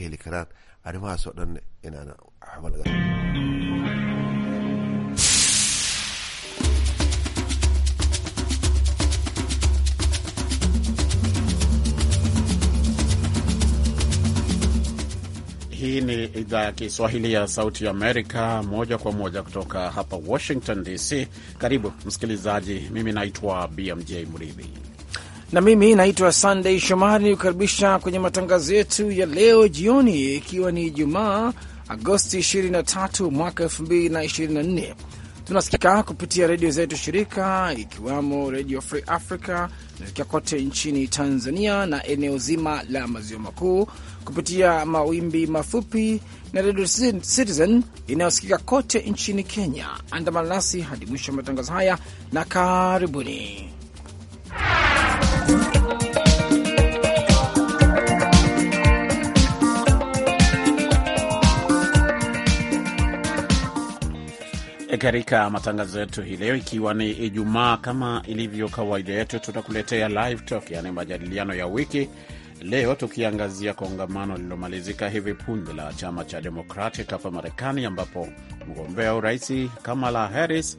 ka heli karaan arrimahaasoo dhan inaana waxba laga Hii ni idhaa ya Kiswahili ya Sauti Amerika, moja kwa moja kutoka hapa Washington DC. Karibu msikilizaji, mimi naitwa BMJ Mridhi na mimi naitwa Sunday Shomari nikukaribisha kwenye matangazo yetu ya leo jioni, ikiwa ni Jumaa Agosti 23 mwaka 2024. Tunasikika kupitia redio zetu shirika ikiwamo Redio Free Africa inasikika kote nchini Tanzania na eneo zima la maziwa makuu kupitia mawimbi mafupi na Redio Citizen inayosikika kote nchini Kenya. Andamana nasi hadi mwisho wa matangazo haya na karibuni. E, katika matangazo yetu hii leo, ikiwa ni Ijumaa, kama ilivyo kawaida yetu, tutakuletea live talk, yaani majadiliano ya wiki, leo tukiangazia kongamano lililomalizika hivi punde la chama cha Democratic hapa Marekani, ambapo mgombea urais Kamala Harris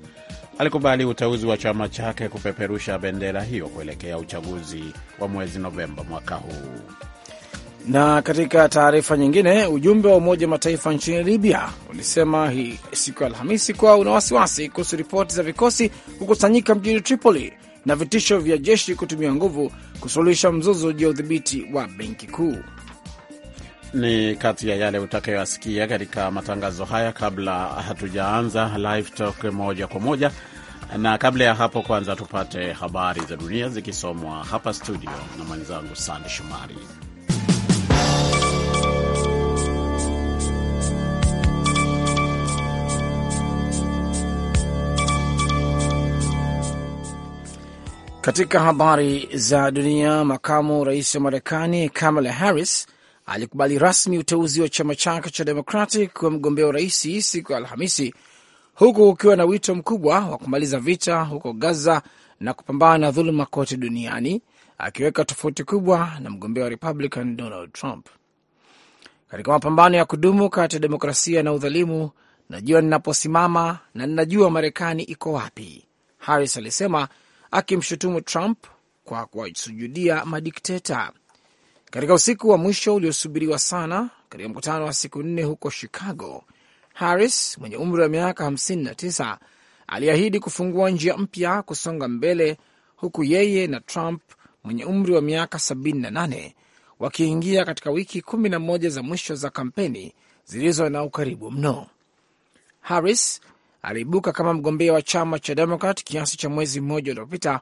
alikubali uteuzi wa chama chake kupeperusha bendera hiyo kuelekea uchaguzi wa mwezi Novemba mwaka huu. Na katika taarifa nyingine, ujumbe wa Umoja Mataifa nchini Libya ulisema hii siku ya Alhamisi kuwa una wasiwasi kuhusu ripoti za vikosi kukusanyika mjini Tripoli na vitisho vya jeshi kutumia nguvu kusuluhisha mzozo juu ya udhibiti wa benki kuu. Ni kati ya yale utakayoyasikia katika matangazo haya. Kabla hatujaanza live talk moja kwa moja na kabla ya hapo, kwanza tupate habari za dunia zikisomwa hapa studio na mwenzangu Sande Shumari. Katika habari za dunia, makamu rais wa Marekani Kamala Harris alikubali rasmi uteuzi wa chama chake cha Democratic kuwa mgombea urais siku ya Alhamisi huku ukiwa na wito mkubwa wa kumaliza vita huko Gaza na kupambana na dhuluma kote duniani, akiweka tofauti kubwa na mgombea wa Republican Donald Trump katika mapambano ya kudumu kati ya demokrasia na udhalimu. Najua ninaposimama na ninajua Marekani iko wapi, Harris alisema akimshutumu Trump kwa kuwasujudia madikteta. Katika usiku wa mwisho uliosubiriwa sana katika mkutano wa siku nne huko Chicago, Harris mwenye umri wa miaka 59 aliahidi kufungua njia mpya kusonga mbele, huku yeye na Trump mwenye umri wa miaka 78 wakiingia katika wiki 11 za mwisho za kampeni zilizo na ukaribu mno. Harris aliibuka kama mgombea wa chama cha Demokrat kiasi cha mwezi mmoja uliopita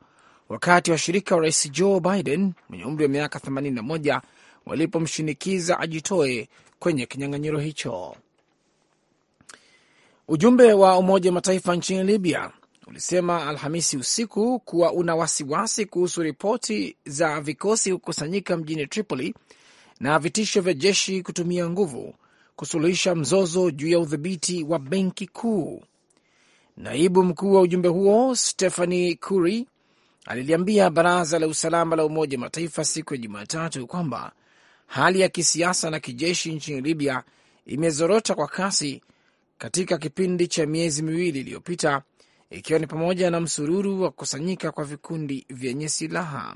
wakati washirika wa rais Joe Biden mwenye umri wa miaka 81 walipomshinikiza ajitoe kwenye kinyang'anyiro hicho. Ujumbe wa Umoja wa Mataifa nchini Libya ulisema Alhamisi usiku kuwa una wasiwasi kuhusu ripoti za vikosi kukusanyika mjini Tripoli na vitisho vya jeshi kutumia nguvu kusuluhisha mzozo juu ya udhibiti wa benki kuu. Naibu mkuu wa ujumbe huo Stephanie Curry aliliambia baraza la usalama la Umoja wa Mataifa siku ya Jumatatu kwamba hali ya kisiasa na kijeshi nchini Libya imezorota kwa kasi katika kipindi cha miezi miwili iliyopita, ikiwa ni pamoja na msururu wa kukusanyika kwa vikundi vyenye silaha,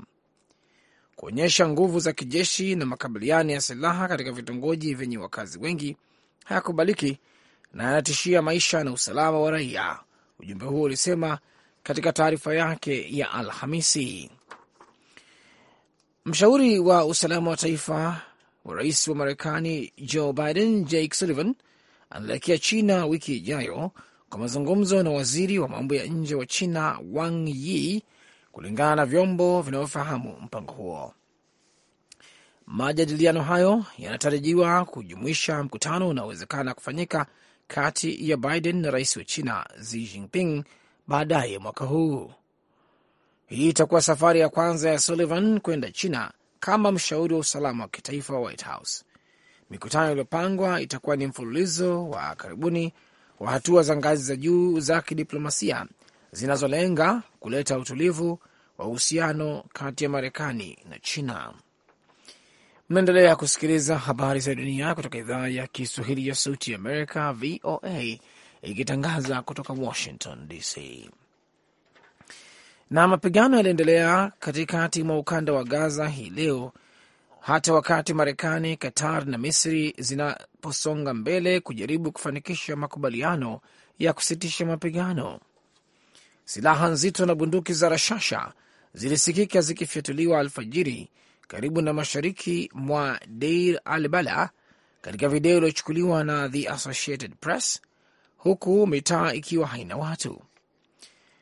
kuonyesha nguvu za kijeshi na makabiliano ya silaha katika vitongoji vyenye wakazi wengi hayakubaliki na yanatishia maisha na usalama wa raia, ujumbe huo ulisema katika taarifa yake ya Alhamisi. Mshauri wa usalama wa taifa wa rais wa Marekani Joe Biden, Jake Sullivan anaelekea China wiki ijayo kwa mazungumzo na waziri wa mambo ya nje wa China Wang Yi, kulingana na vyombo vinavyofahamu mpango huo. Majadiliano hayo yanatarajiwa kujumuisha mkutano unaowezekana kufanyika kati ya Biden na rais wa China Xi Jinping baadaye mwaka huu. Hii itakuwa safari ya kwanza ya Sullivan kwenda China kama mshauri wa usalama wa kitaifa wa White House. Mikutano iliyopangwa itakuwa ni mfululizo wa karibuni wa hatua za ngazi za juu za kidiplomasia zinazolenga kuleta utulivu wa uhusiano kati ya Marekani na China. Mnaendelea kusikiliza habari za dunia kutoka idhaa ya Kiswahili ya Sauti ya Amerika, VOA, ikitangaza kutoka Washington DC. Na mapigano yaliendelea katikati mwa ukanda wa Gaza hii leo hata wakati Marekani, Qatar na Misri zinaposonga mbele kujaribu kufanikisha makubaliano ya kusitisha mapigano. Silaha nzito na bunduki za rashasha zilisikika zikifyatuliwa alfajiri karibu na mashariki mwa Deir al-Bala katika video iliyochukuliwa na The Associated Press, huku mitaa ikiwa haina watu.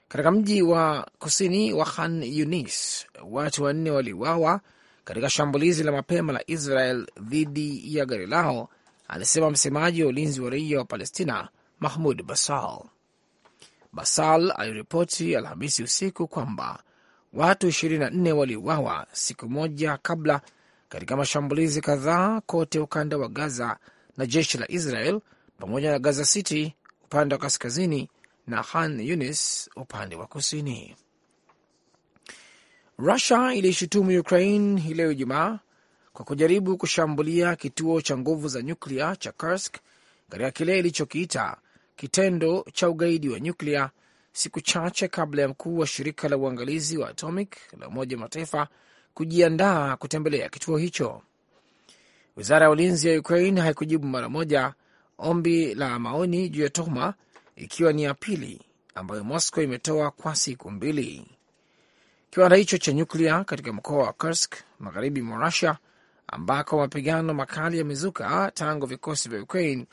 Katika mji wa kusini wa Khan Yunis, watu wanne waliuawa katika shambulizi la mapema la Israel dhidi ya gari lao, alisema msemaji wa ulinzi wa raia wa Palestina Mahmud Basal. Basal aliripoti Alhamisi usiku kwamba watu 24 waliuawa siku moja kabla katika mashambulizi kadhaa kote ukanda wa Gaza na jeshi la Israel pamoja na Gaza City upande wa kaskazini na Khan Yunis upande wa kusini. Rusia iliishutumu Ukraine hii leo Ijumaa kwa kujaribu kushambulia kituo cha nguvu za nyuklia cha Kursk katika kile ilichokiita kitendo cha ugaidi wa nyuklia, siku chache kabla ya mkuu wa shirika la uangalizi wa atomic la Umoja Mataifa kujiandaa kutembelea kituo hicho. Wizara ya ulinzi ya Ukraine haikujibu mara moja ombi la maoni juu ya tuhuma, ikiwa ni ya pili ambayo Moscow imetoa kwa siku mbili. Kiwanda hicho cha nyuklia katika mkoa wa Kursk magharibi mwa Rusia, ambako mapigano makali yamezuka tangu vikosi vya Ukraine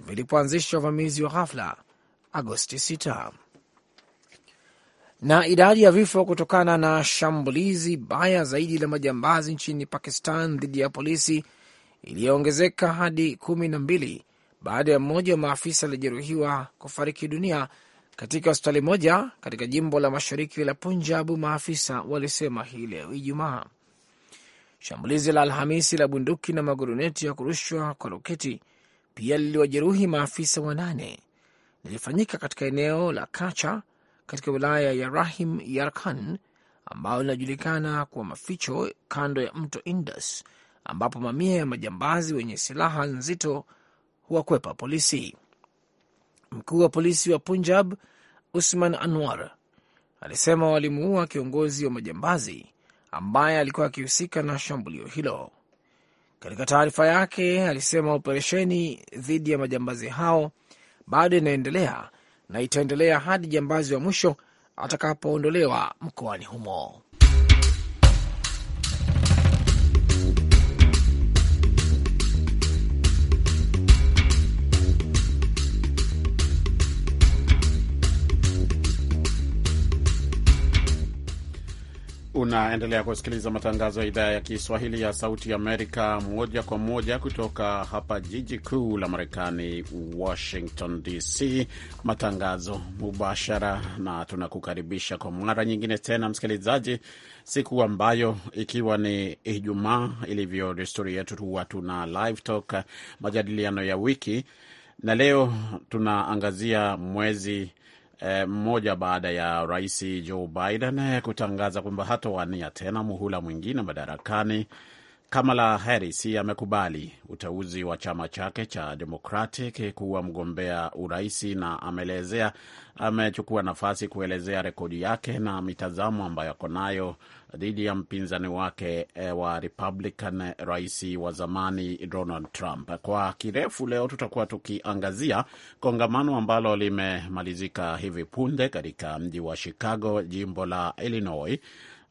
vilipoanzisha uvamizi wa ghafla Agosti 6. Na idadi ya vifo kutokana na shambulizi baya zaidi la majambazi nchini Pakistan dhidi ya polisi iliyoongezeka hadi kumi na mbili baada ya mmoja wa maafisa alijeruhiwa kufariki dunia katika hospitali moja katika jimbo la mashariki la Punjabu, maafisa walisema hii leo Ijumaa. Shambulizi la Alhamisi la bunduki na maguruneti ya kurushwa kwa roketi pia liliwajeruhi maafisa wanane, lilifanyika katika eneo la Kacha katika wilaya ya Rahim Yarkhan ambayo linajulikana kwa maficho kando ya mto Indus ambapo mamia ya majambazi wenye silaha nzito huwakwepa polisi. Mkuu wa polisi wa Punjab Usman Anwar alisema walimuua kiongozi wa majambazi ambaye alikuwa akihusika na shambulio hilo. Katika taarifa yake alisema operesheni dhidi ya majambazi hao bado inaendelea na itaendelea hadi jambazi wa mwisho atakapoondolewa mkoani humo. Unaendelea kusikiliza matangazo ya idhaa ya Kiswahili ya Sauti Amerika moja kwa moja kutoka hapa jiji kuu la Marekani, Washington DC, matangazo mubashara, na tunakukaribisha kwa mara nyingine tena, msikilizaji, siku ambayo ikiwa ni Ijumaa, ilivyo desturi yetu, huwa tuna live talk, majadiliano ya wiki, na leo tunaangazia mwezi Eh, mmoja eh, baada ya rais Joe Biden eh, kutangaza kwamba hatawania tena muhula mwingine madarakani Kamala Harris amekubali uteuzi wa chama chake cha Democratic kuwa mgombea uraisi na ameelezea amechukua nafasi kuelezea rekodi yake na mitazamo ambayo ako nayo dhidi ya mpinzani wake eh, wa Republican, rais wa zamani Donald Trump. Kwa kirefu leo tutakuwa tukiangazia kongamano ambalo limemalizika hivi punde katika mji wa Chicago, jimbo la Illinois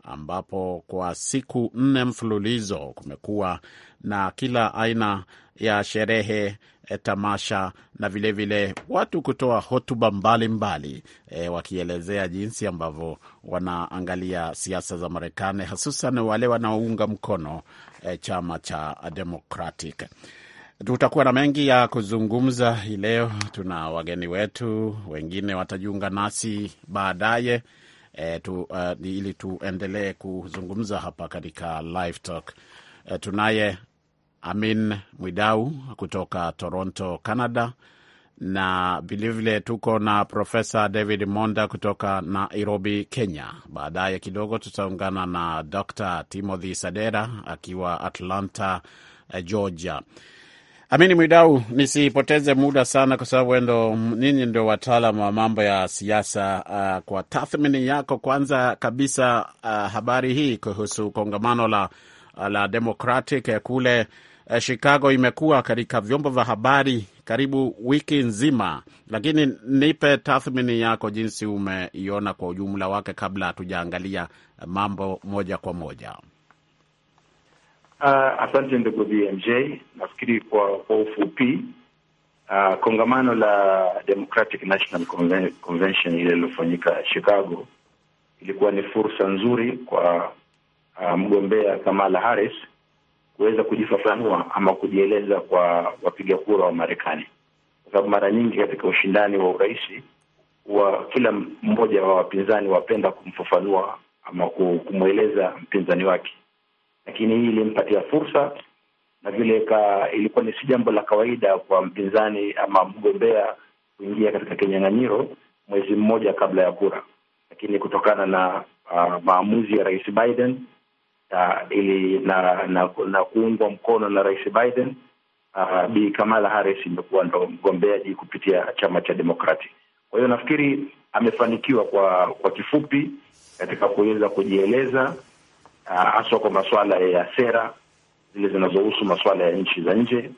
ambapo kwa siku nne mfululizo kumekuwa na kila aina ya sherehe eh, tamasha na vilevile vile watu kutoa hotuba mbalimbali e, wakielezea jinsi ambavyo wanaangalia siasa za Marekani, hususan wale wanaounga mkono e, chama cha Democratic. Tutakuwa na mengi ya kuzungumza hii leo. Tuna wageni wetu wengine watajiunga nasi baadaye e, tu, uh, ili tuendelee kuzungumza hapa katika live talk E, tunaye Amin Mwidau kutoka Toronto, Canada na vilevile tuko na Profesa David Monda kutoka Nairobi, Kenya. Baadaye kidogo tutaungana na Dr Timothy Sadera akiwa Atlanta, Georgia. Amini Mwidau, nisipoteze muda sana, kwa sababu ndo ninyi ndio wataalam wa mambo ya siasa. Uh, kwa tathmini yako kwanza kabisa, uh, habari hii kuhusu kongamano la, uh, la Democratic kule uh, Chicago imekuwa katika vyombo vya habari karibu wiki nzima, lakini nipe tathmini yako jinsi umeiona kwa ujumla wake, kabla hatujaangalia mambo moja kwa moja. Uh, asante ndugu BMJ. Nafikiri kwa kwa ufupi, uh, kongamano la Democratic National Convention ile ililofanyika Chicago ilikuwa ni fursa nzuri kwa uh, mgombea Kamala Harris kuweza kujifafanua ama kujieleza kwa wapiga kura wa Marekani, kwa sababu mara nyingi katika ushindani wa urais wa kila mmoja wa wapinzani wapenda kumfafanua ama kumweleza mpinzani wake lakini hii ilimpatia fursa na vile ka, ilikuwa ni si jambo la kawaida kwa mpinzani ama mgombea kuingia katika kinyang'anyiro mwezi mmoja kabla ya kura, lakini kutokana na uh, maamuzi ya Rais Biden uh, ili na, na, na kuungwa mkono na Rais Biden uh, Bi Kamala Harris imekuwa ndo mgombeaji kupitia chama cha Demokrati. Kwa hiyo nafikiri amefanikiwa kwa kwa kifupi katika kuweza kujieleza Ah, haswa kwa masuala ya sera zile zinazohusu masuala ya nchi za nje,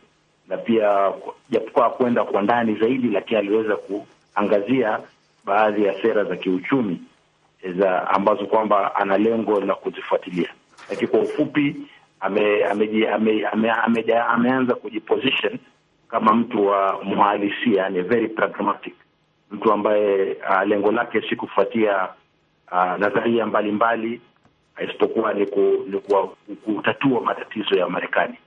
na pia japokuwa kwenda kwa ndani zaidi, lakini aliweza kuangazia baadhi ya sera za kiuchumi eh, za ambazo kwamba ana lengo la kuzifuatilia, lakini kwa ufupi ameanza ame, ame, ame, ame, ame kujiposition kama mtu wa mhalisia, yani very pragmatic, mtu ambaye uh, lengo lake si kufuatia uh, nadharia mbalimbali isipokuwa ni, kutatua matatizo ya Marekani,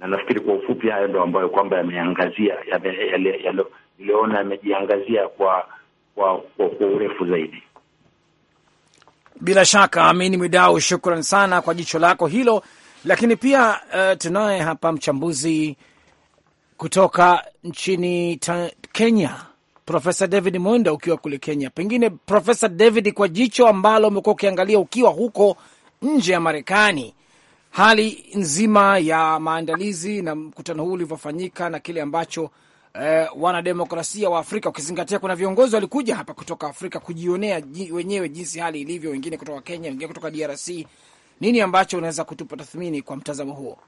na nafikiri kwa ufupi hayo ndo ambayo kwamba yameangazia niliona yamejiangazia kwa kwa, kwa kwa urefu zaidi. Bila shaka Amini Mwidau, shukran sana kwa jicho lako hilo, lakini pia uh, tunaye hapa mchambuzi kutoka nchini Kenya, Profesa David Monda, ukiwa kule Kenya. Pengine Profesa David, kwa jicho ambalo umekuwa ukiangalia ukiwa huko nje ya Marekani, hali nzima ya maandalizi na mkutano huu ulivyofanyika na kile ambacho eh, wanademokrasia wa Afrika ukizingatia kuna viongozi walikuja hapa kutoka Afrika kujionea wenyewe jinsi hali ilivyo, wengine kutoka Kenya, wengine kutoka DRC. Nini ambacho unaweza kutupa tathmini kwa mtazamo huo?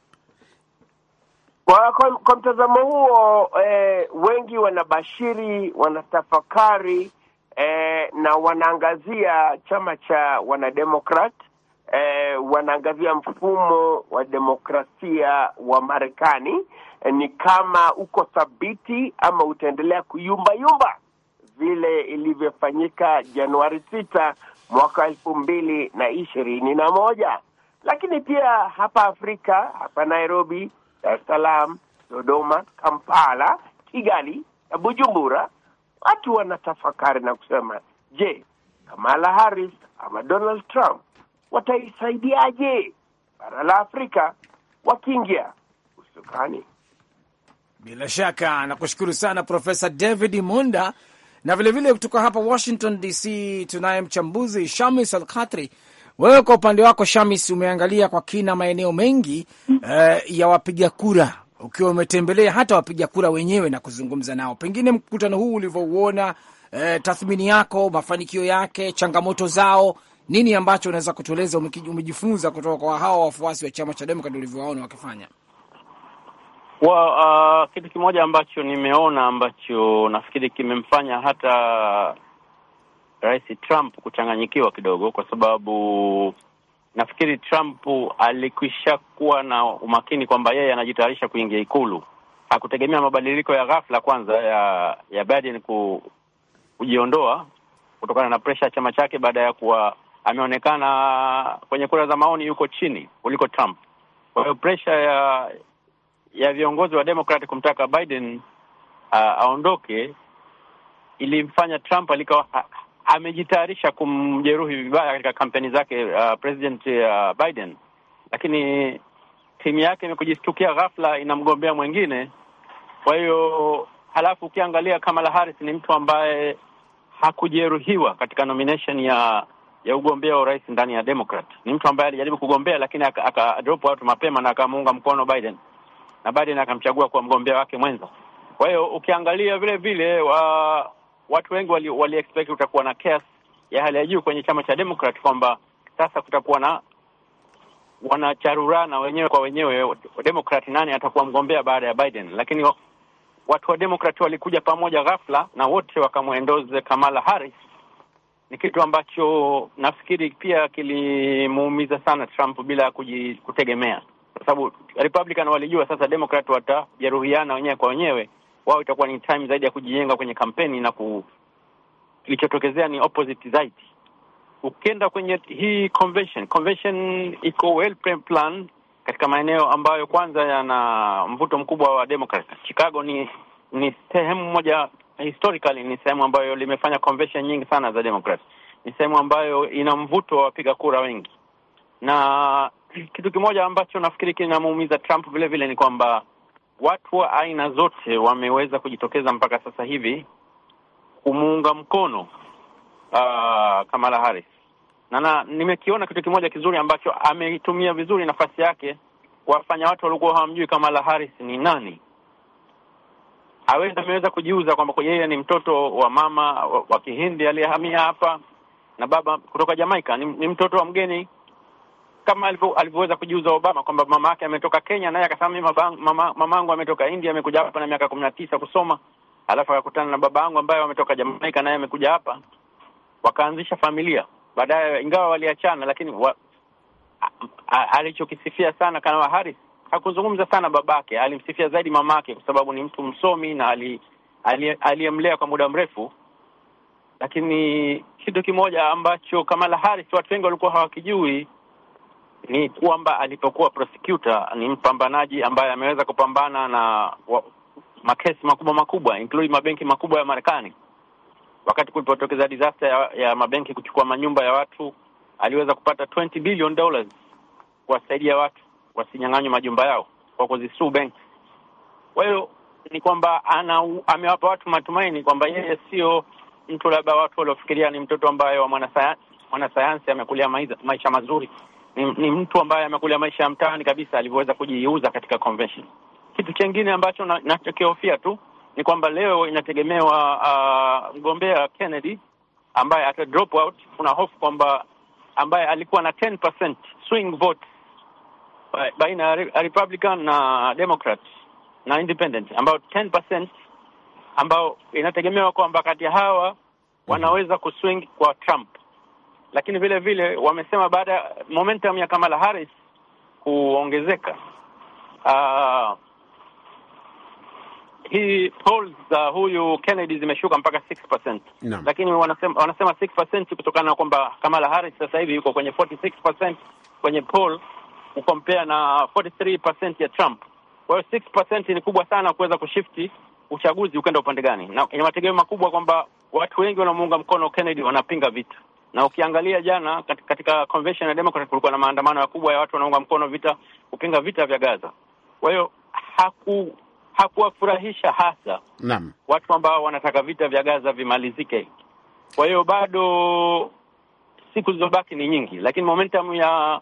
Kwa, kwa, kwa mtazamo huo eh, wengi wanabashiri, wanatafakari eh, na wanaangazia chama cha wanademokrat eh, wanaangazia mfumo wa demokrasia wa Marekani eh, ni kama uko thabiti ama utaendelea kuyumbayumba vile ilivyofanyika Januari sita mwaka elfu mbili na ishirini na moja. Lakini pia hapa Afrika, hapa Nairobi, Dar es Salaam, Dodoma, Kampala, Kigali na Bujumbura, watu wanatafakari na kusema, je, Kamala Harris ama Donald Trump wataisaidiaje bara la Afrika wakiingia usukani? Bila shaka nakushukuru sana Profesa David Munda, na vilevile kutoka hapa Washington DC tunaye mchambuzi Shamis Al Wewe kwa upande wako Shamis, umeangalia kwa kina maeneo mengi eh, ya wapiga kura, ukiwa umetembelea hata wapiga kura wenyewe na kuzungumza nao, pengine mkutano huu ulivyouona, eh, tathmini yako, mafanikio yake, changamoto zao, nini ambacho unaweza kutueleza umejifunza kutoka kwa hawa wafuasi wa chama cha Demokrat ulivyowaona wakifanya? Well, uh, kitu kimoja ambacho nimeona ambacho nafikiri kimemfanya hata Rais Trump kuchanganyikiwa kidogo, kwa sababu nafikiri Trump alikwisha kuwa na umakini kwamba yeye anajitayarisha kuingia Ikulu. Hakutegemea mabadiliko ya ghafla kwanza ya ya Biden ku, kujiondoa kutokana na presha ya chama chake baada ya kuwa ameonekana kwenye kura za maoni yuko chini kuliko Trump. Kwa hiyo presha ya ya viongozi wa Demokrat kumtaka Biden uh, aondoke ilimfanya Trump alikawa amejitayarisha kumjeruhi vibaya katika kampeni zake uh, President uh, Biden, lakini timu yake imekujistukia ghafla inamgombea mwingine. Kwa hiyo halafu ukiangalia Kamala Harris ni mtu ambaye hakujeruhiwa katika nomination ya ya ugombea urais ndani ya Democrat. Ni mtu ambaye alijaribu kugombea lakini akadrop watu mapema na akamuunga mkono Biden, na Biden akamchagua kuwa mgombea wake mwenza. Kwa hiyo ukiangalia vile vile wa, watu wengi wali, wali expect utakuwa na chaos ya hali ya juu kwenye chama cha Democrat kwamba sasa kutakuwa na wanacharurana wenyewe kwa wenyewe, Democrat nani atakuwa mgombea baada ya Biden, lakini watu wa Democrat walikuja pamoja ghafla na wote wakamwendoze Kamala Harris ni kitu ambacho nafikiri pia kilimuumiza sana Trump bila kutegemea kwa sababu Republican walijua sasa Democrat watajeruhiana wenyewe kwa wenyewe, wao itakuwa ni time zaidi ya kujijenga kwenye kampeni na ku kilichotokezea ni opposite zaidi. Ukienda kwenye hii convention, convention iko well planned katika maeneo ambayo kwanza yana mvuto mkubwa wa Democrat. Chicago ni ni sehemu moja historically ni sehemu ambayo limefanya convention nyingi sana za Democrat. Ni sehemu ambayo ina mvuto wa wapiga kura wengi, na kitu kimoja ambacho nafikiri kinamuumiza Trump vile vile ni kwamba watu wa aina zote wameweza kujitokeza mpaka sasa hivi kumuunga mkono uh, Kamala Harris na, na nimekiona kitu kimoja kizuri ambacho ameitumia vizuri nafasi yake kuwafanya watu waliokuwa hawamjui Kamala Harris ni nani awe ameweza kujiuza kwamba yeye ni mtoto wa mama wa, Kihindi aliyehamia hapa na baba kutoka Jamaika, ni, ni mtoto wa mgeni kama alivyoweza kujiuza Obama kwamba mama yake ametoka Kenya, naye akasema mama mamangu ametoka India, amekuja hapa na miaka kumi na tisa kusoma, alafu akakutana na babangu ambaye ametoka Jamaika, naye amekuja hapa, wakaanzisha familia baadaye, ingawa waliachana, lakini wa, alichokisifia sana Kamala Harris hakuzungumza sana babake, alimsifia zaidi mamake kwa sababu ni mtu msomi na aliyemlea ali, kwa muda mrefu. Lakini kitu kimoja ambacho Kamala Harris watu wengi walikuwa hawakijui ni kwamba alipokuwa prosecutor ni mpambanaji ambaye ameweza kupambana na wa, makesi makubwa makubwa including mabenki makubwa ya Marekani. Wakati kulipotokeza disaster ya, ya mabenki kuchukua manyumba ya watu, aliweza kupata 20 billion dollars kuwasaidia watu wasinyang'anywe majumba yao kwa kuzisuu benki. Kwa hiyo ni kwamba ana amewapa watu matumaini kwamba yeye sio mtu labda watu waliofikiria ni mtoto ambaye wa mwanasayansi mwanasayansi amekulia maisha mazuri. Ni, ni mtu ambaye amekulia maisha ya mtaani kabisa, alivyoweza kujiuza katika convention. Kitu kingine ambacho nachokihofia na tu ni kwamba leo inategemewa mgombea uh, Kennedy ambaye ata drop out. Kuna hofu kwamba ambaye alikuwa na 10% swing vote baina ya Republican na Democrat na Independent, ambao 10% ambao inategemewa kwamba kati ya hawa mhm. wanaweza kuswing kwa Trump, lakini vile vile wamesema baada ya momentum ya Kamala Harris kuongezeka, uh, hii polls za uh, huyu Kennedy zimeshuka mpaka 6%. No. Lakini wanasema wanasema 6% kutokana na kwamba Kamala Harris sasa hivi yuko kwenye 46% kwenye poll kukompea na 43% ya Trump. Kwa hiyo 6% ni kubwa sana kuweza kushifti uchaguzi ukenda upande gani, na ina mategemeo makubwa kwamba watu wengi wanamuunga mkono Kennedy wanapinga vita, na ukiangalia jana katika convention ya Democrat kulikuwa na maandamano makubwa ya watu wanaunga mkono vita, kupinga vita vya Gaza. Kwa hiyo haku hakuwafurahisha hasa naam, watu ambao wanataka vita vya Gaza vimalizike. Kwa hiyo bado siku zilizobaki ni nyingi, lakini momentum ya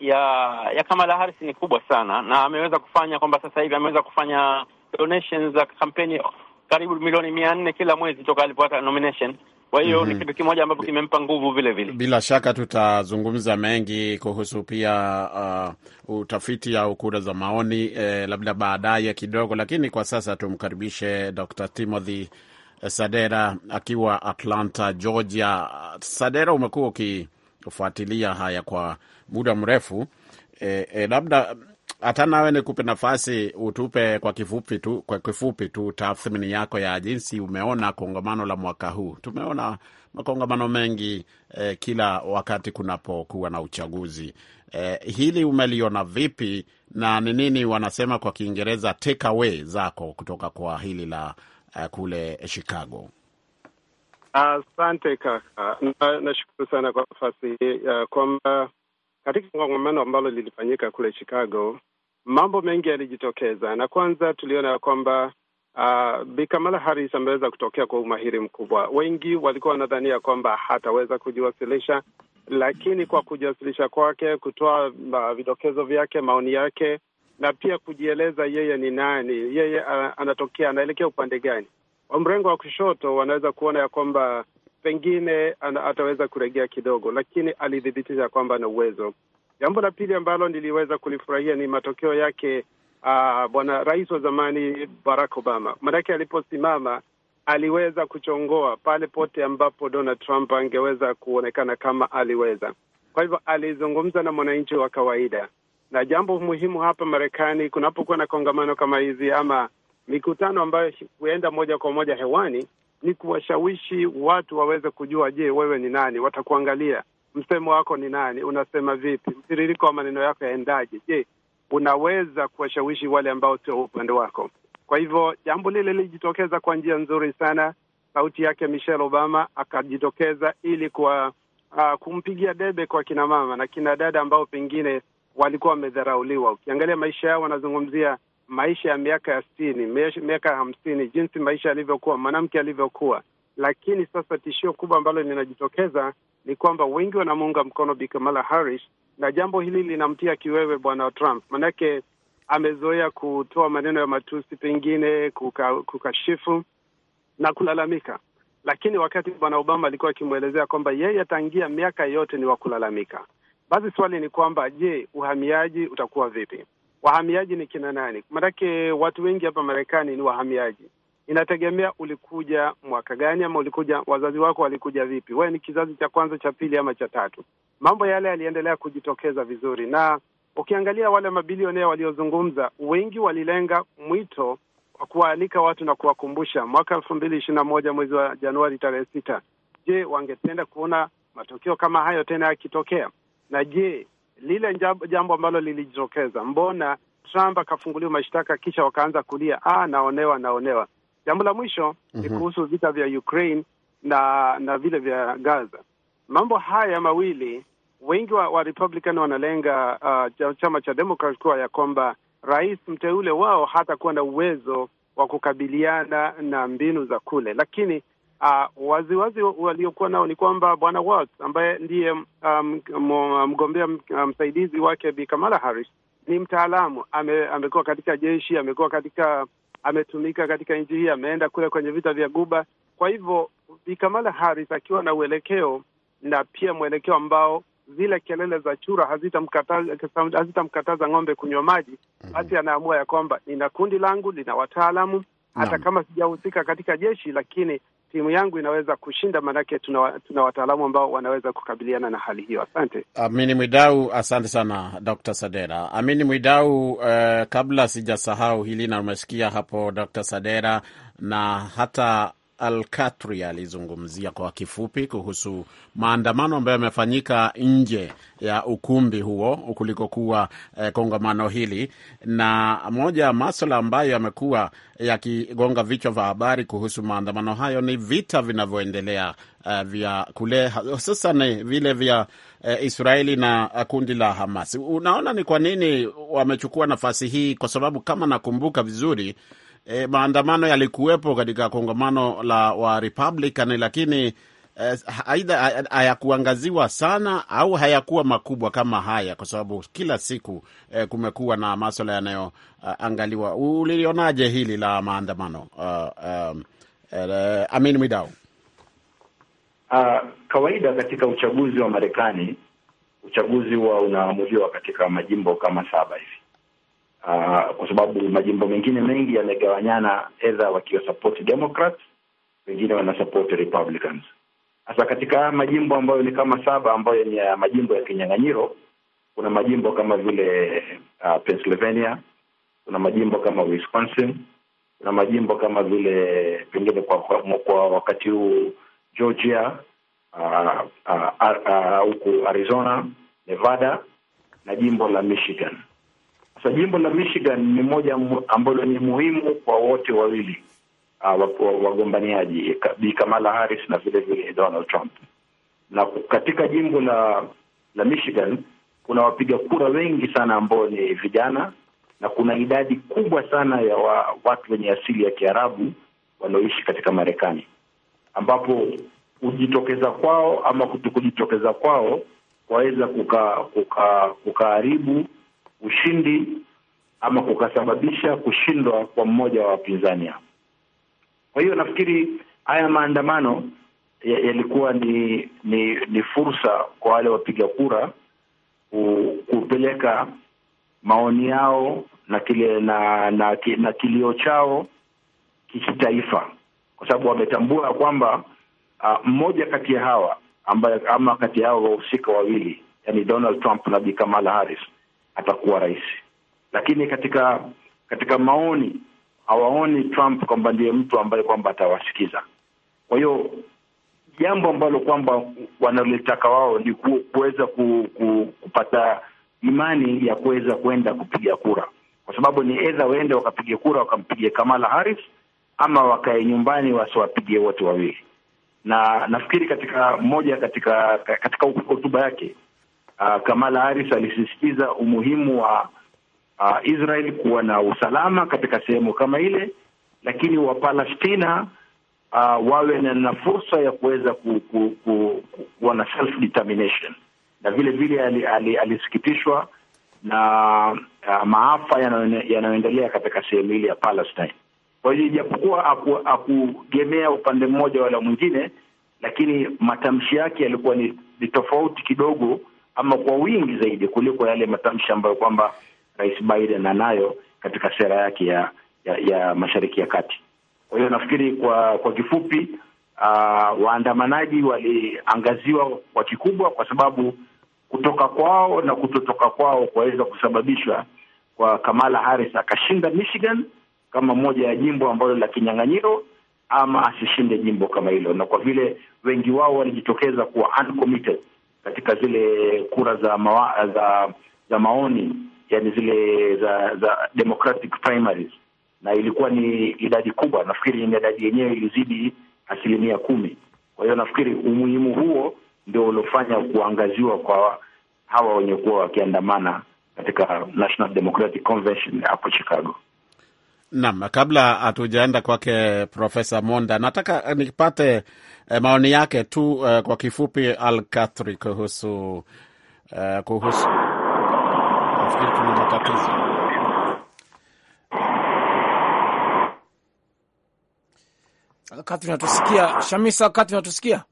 ya ya Kamala Harris ni kubwa sana, na ameweza kufanya kwamba sasa hivi ameweza kufanya donations za kampeni karibu milioni mia nne kila mwezi toka alipopata nomination. Kwa hiyo mm -hmm. ni mhm. kitu kimoja ambapo kimempa nguvu vile vile. Bila shaka tutazungumza mengi kuhusu pia uh, utafiti au kura za maoni eh, labda baadaye kidogo, lakini kwa sasa tumkaribishe Dr. Timothy Sadera akiwa Atlanta, Georgia. Sadera, umekuwa uki kufuatilia haya kwa muda mrefu e, e, labda hata nawe nikupe nafasi utupe kwa kifupi tu, kwa kifupi tu tathmini yako ya jinsi umeona kongamano la mwaka huu. Tumeona makongamano mengi eh, kila wakati kunapokuwa na uchaguzi eh, hili umeliona vipi na ni nini wanasema kwa Kiingereza takeaway zako kutoka kwa hili la eh, kule Chicago? Asante kaka, nashukuru na sana kwa nafasi hii uh, kwamba katika kongamano ambalo lilifanyika kule Chicago mambo mengi yalijitokeza, na kwanza tuliona ya kwamba uh, Bi Kamala Harris ameweza kutokea kwa umahiri mkubwa. Wengi walikuwa wanadhania kwamba hataweza kujiwasilisha, lakini kwa kujiwasilisha kwake, kutoa uh, vidokezo vyake, maoni yake na pia kujieleza yeye ni nani, yeye uh, anatokea, anaelekea upande gani wa mrengo wa kushoto wanaweza kuona ya kwamba pengine ana, ataweza kuregea kidogo, lakini alithibitisha kwamba ana uwezo. Jambo la pili ambalo niliweza kulifurahia ni matokeo yake uh, bwana rais wa zamani Barack Obama, maanake aliposimama aliweza kuchongoa pale pote ambapo Donald Trump angeweza kuonekana kama aliweza. Kwa hivyo alizungumza na mwananchi wa kawaida, na jambo muhimu hapa Marekani kunapokuwa na kongamano kama hizi ama Mikutano ambayo huenda moja kwa moja hewani ni kuwashawishi watu waweze kujua, je, wewe ni nani? Watakuangalia, msemo wako ni nani? Unasema vipi? Mtiririko wa maneno yako yaendaje? Je, unaweza kuwashawishi wale ambao sio upande wako? Kwa hivyo jambo lile lilijitokeza kwa njia nzuri sana. Sauti yake Michelle Obama akajitokeza ili kwa uh, ah, kumpigia debe kwa kina mama na kina dada ambao pengine walikuwa wamedharauliwa. Ukiangalia maisha yao, wanazungumzia maisha ya miaka ya sitini, miaka ya hamsini, jinsi maisha yalivyokuwa, mwanamke alivyokuwa. Lakini sasa tishio kubwa ambalo linajitokeza ni kwamba wengi wanamuunga mkono Bi Kamala Harris, na jambo hili linamtia kiwewe Bwana Trump, manake amezoea kutoa maneno ya matusi, pengine kukashifu kuka na kulalamika. Lakini wakati Bwana Obama alikuwa akimwelezea kwamba yeye atangia miaka yote ni wa kulalamika, basi swali ni kwamba je, uhamiaji utakuwa vipi? wahamiaji ni kina nani? Maanake watu wengi hapa Marekani ni wahamiaji. Inategemea ulikuja mwaka gani, ama ulikuja, wazazi wako walikuja vipi, wewe ni kizazi cha kwanza, cha pili ama cha tatu. Mambo yale yaliendelea kujitokeza vizuri, na ukiangalia wale mabilionea waliozungumza, wengi walilenga mwito wa kuwaalika watu na kuwakumbusha mwaka elfu mbili ishirini na moja mwezi wa Januari tarehe sita. Je, wangependa kuona matokeo kama hayo tena yakitokea? Na je lile jambo ambalo lilijitokeza, mbona Trump akafunguliwa mashtaka kisha wakaanza kulia, ah, naonewa, naonewa. Jambo la mwisho mm -hmm. ni mhm. kuhusu vita vya Ukraine na na vile vya Gaza. Mambo haya mawili wengi wa, wa Republican wanalenga uh, chama cha Democrat kuwa ya kwamba rais mteule wao hatakuwa na uwezo wa kukabiliana na mbinu za kule, lakini uh, waziwazi waliokuwa nao ni kwamba bwana Walz ambaye ndiye um, mgombea um, msaidizi wake Bi Kamala Harris ni mtaalamu, ame, amekuwa katika jeshi, amekuwa katika ametumika katika nchi hii, ameenda kule kwenye vita vya Guba. Kwa hivyo Bi Kamala Harris akiwa na uelekeo na pia mwelekeo ambao zile kelele za chura hazitamkataza hazitamkataza ng'ombe kunywa maji, mhm. basi mm -hmm. Anaamua ya kwamba nina kundi langu, lina wataalamu hata kama sijahusika katika jeshi, lakini timu yangu inaweza kushinda, maanake tuna, tuna wataalamu ambao wanaweza kukabiliana na hali hiyo. Asante Amini Mwidau, asante sana Dr. Sadera. Amini Mwidau, uh, kabla sijasahau hili na umesikia hapo Dr. Sadera na hata Alkatri alizungumzia kwa kifupi kuhusu maandamano ambayo yamefanyika nje ya ukumbi huo kulikokuwa eh, kongamano hili, na moja ya maswala ambayo yamekuwa yakigonga vichwa vya habari kuhusu maandamano hayo ni vita vinavyoendelea eh, vya kule hususan vile vya eh, Israeli na kundi la Hamas. Unaona ni kwa nini wamechukua nafasi hii, kwa sababu kama nakumbuka vizuri e, maandamano yalikuwepo katika kongamano la wa Republican, lakini e, aidha hayakuangaziwa sana au hayakuwa makubwa kama haya, kwa sababu kila siku e, kumekuwa na maswala yanayoangaliwa. Ulilionaje hili la maandamano uh, um, uh, Amin Uh, kawaida katika uchaguzi wa Marekani uchaguzi huwa unaamuliwa katika majimbo kama saba hivi uh, kwa sababu majimbo mengine mengi yamegawanyana, edha wakiwa support wengine wana support Republicans. Sasa katika majimbo ambayo ni kama saba ambayo ni ya majimbo ya kinyang'anyiro, kuna majimbo kama vile uh, Pennsylvania, kuna majimbo kama Wisconsin, kuna majimbo kama vile pengine kwa, kwa, kwa wakati huu Georgia ah, huku uh, uh, uh, uh, Arizona, Nevada na jimbo la Michigan. Sasa jimbo la Michigan ni moja ambalo ni muhimu kwa wote wawili ah, wagombaniaji Bi Kamala Harris na vile vile Donald Trump. Na katika jimbo la la Michigan kuna wapiga kura wengi sana ambao ni vijana na kuna idadi kubwa sana ya wa, watu wenye asili ya Kiarabu wanaoishi katika Marekani, ambapo kujitokeza kwao ama kutokujitokeza kwao kwaweza kuka, kuka, kukaharibu ushindi ama kukasababisha kushindwa kwa mmoja wa wapinzani hapo. Kwa hiyo nafikiri haya maandamano yalikuwa ni, ni ni fursa kwa wale wapiga kura kupeleka maoni yao na kile na na, na kilio chao kitaifa, kwa sababu wametambua kwamba uh, mmoja kati ya hawa ambaye ama kati ya hawa wahusika wawili, yani Donald Trump na Bi Kamala Harris atakuwa rais, lakini katika katika maoni hawaoni Trump kwamba ndiye mtu ambaye kwamba atawasikiza. Kwa hiyo jambo ambalo kwamba wanalitaka wao ni kuweza ku, ku, kupata imani ya kuweza kwenda kupiga kura, kwa sababu ni edha waende wakapiga kura wakampigia Kamala Harris ama wakae nyumbani wasiwapigie wote wawili. Na nafikiri katika moja katika katika hotuba yake uh, Kamala Harris alisisitiza umuhimu wa uh, Israel kuwa na usalama katika sehemu kama ile, lakini Wapalestina uh, ah, wawe na fursa ya kuweza ku, ku, ku, ku, kuwa na self determination, na vile vile alisikitishwa ali, ali na uh, maafa yanayoendelea ya katika sehemu ile ya Palestine. Kwa hiyo ijapokuwa aku upande mmoja wala mwingine, lakini matamshi yake yalikuwa ni, ni tofauti kidogo ama kwa wingi zaidi kuliko yale matamshi ambayo kwamba Rais Biden anayo katika sera yake ya, ya, ya Mashariki ya Kati. Kwa hiyo nafikiri kwa kwa kifupi uh, waandamanaji waliangaziwa kwa kikubwa kwa sababu kutoka kwao na kutotoka kwao kuwaweza kusababishwa kwa Kamala Harris akashinda Michigan kama moja ya jimbo ambalo la kinyang'anyiro ama asishinde jimbo kama hilo, na kwa vile wengi wao walijitokeza kuwa uncommitted katika zile kura za mawa, za za maoni, yani zile za za democratic primaries, na ilikuwa ni idadi kubwa, nafikiri idadi yenyewe ilizidi asilimia kumi. Kwa hiyo nafikiri umuhimu huo ndio uliofanya kuangaziwa kwa hawa wenye kuwa wakiandamana katika National Democratic Convention hapo Chicago. Naam, kabla hatujaenda kwake Profesa Monda, nataka nipate eh, maoni yake tu eh, kwa kifupi Alkathri kuhusu eh, kuhusu nafikiri tuna matatizo Alkathri, natusikia Shamisa Alkathri, natusikia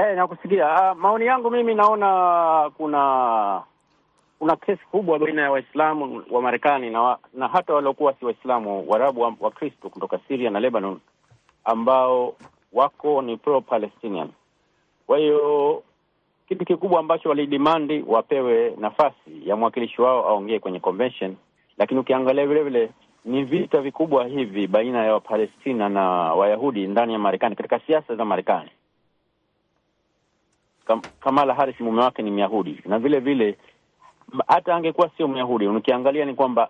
eh, nakusikia. Ah, maoni yangu mimi naona kuna kuna kesi kubwa baina ya Waislamu wa Marekani na, wa, na hata waliokuwa si Waislamu Waarabu Wakristo wa kutoka siria na Lebanon ambao wako ni pro Palestinian. Kwa hiyo kitu kikubwa ambacho walidimandi wapewe nafasi ya mwakilishi wao aongee kwenye convention, lakini ukiangalia vile vile ni vita vikubwa hivi baina ya Wapalestina na Wayahudi ndani ya Marekani, katika siasa za Marekani. Kam, Kamala Harris mume wake ni Myahudi na vile vile hata angekuwa sio Myahudi. Ukiangalia ni kwamba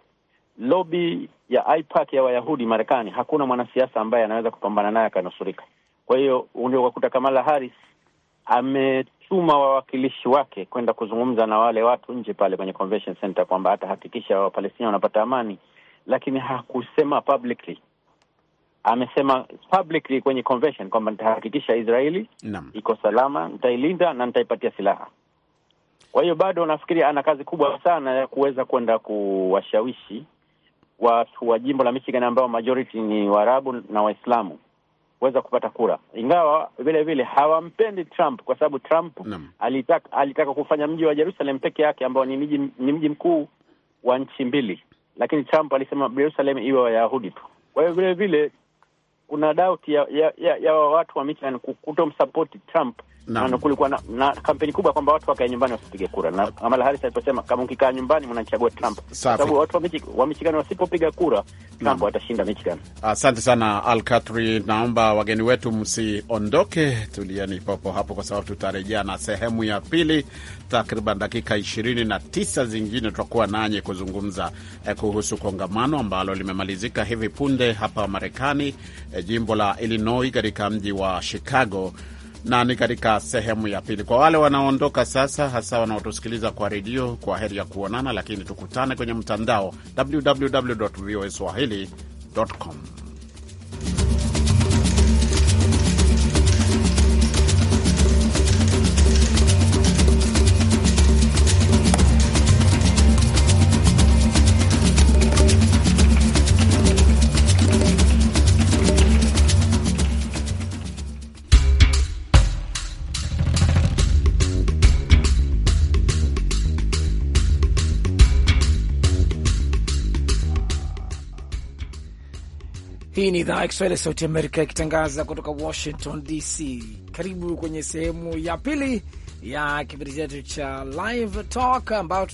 lobi ya IPAC ya Wayahudi Marekani, hakuna mwanasiasa ambaye anaweza kupambana naye akanusurika. Kwa hiyo ukakuta Kamala Harris ametuma wawakilishi wake kwenda kuzungumza na wale watu nje pale kwenye convention center kwamba atahakikisha Wapalestina wanapata amani, lakini hakusema publicly. Amesema publicly kwenye convention kwamba nitahakikisha Israeli iko salama, nitailinda na nitaipatia silaha. Kwa hiyo bado nafikiri ana kazi kubwa sana ya kuweza kwenda kuwashawishi watu wa jimbo la Michigan ambao majority ni Waarabu na Waislamu kuweza kupata kura, ingawa vile vile hawampendi Trump kwa sababu Trump alitaka, alitaka kufanya mji wa Jerusalem peke yake ambao ni mji, ni mji mkuu wa nchi mbili, lakini Trump alisema Jerusalem iwe Wayahudi tu. Kwa hiyo vile vile kuna doubt ya, ya, ya, ya watu wa Michigan kutomsapoti Trump naona kulikuwa na, na kampeni kubwa kwamba watu wakae nyumbani wasipige kura, na Kamala Harris aliposema kama ukikaa nyumbani mnachagua Trump, sababu watu wa Michigan, wa Michigan wasipopiga kura Trump atashinda Michigan. Asante sana Al Katri, naomba wageni wetu msiondoke, tulieni popo hapo, kwa sababu tutarejea na sehemu ya pili takriban dakika ishirini na tisa zingine, tutakuwa nanye kuzungumza eh, kuhusu kongamano ambalo limemalizika hivi punde hapa Marekani, eh, jimbo la Illinois katika mji wa Chicago na ni katika sehemu ya pili. Kwa wale wanaoondoka sasa, hasa wanaotusikiliza kwa redio, kwa heri ya kuonana, lakini tukutane kwenye mtandao www voa com. Hii ni idhaa ya Kiswahili ya Sauti Amerika ikitangaza kutoka Washington DC. Karibu kwenye sehemu ya pili ya kipindi chetu cha Live Talk ambayo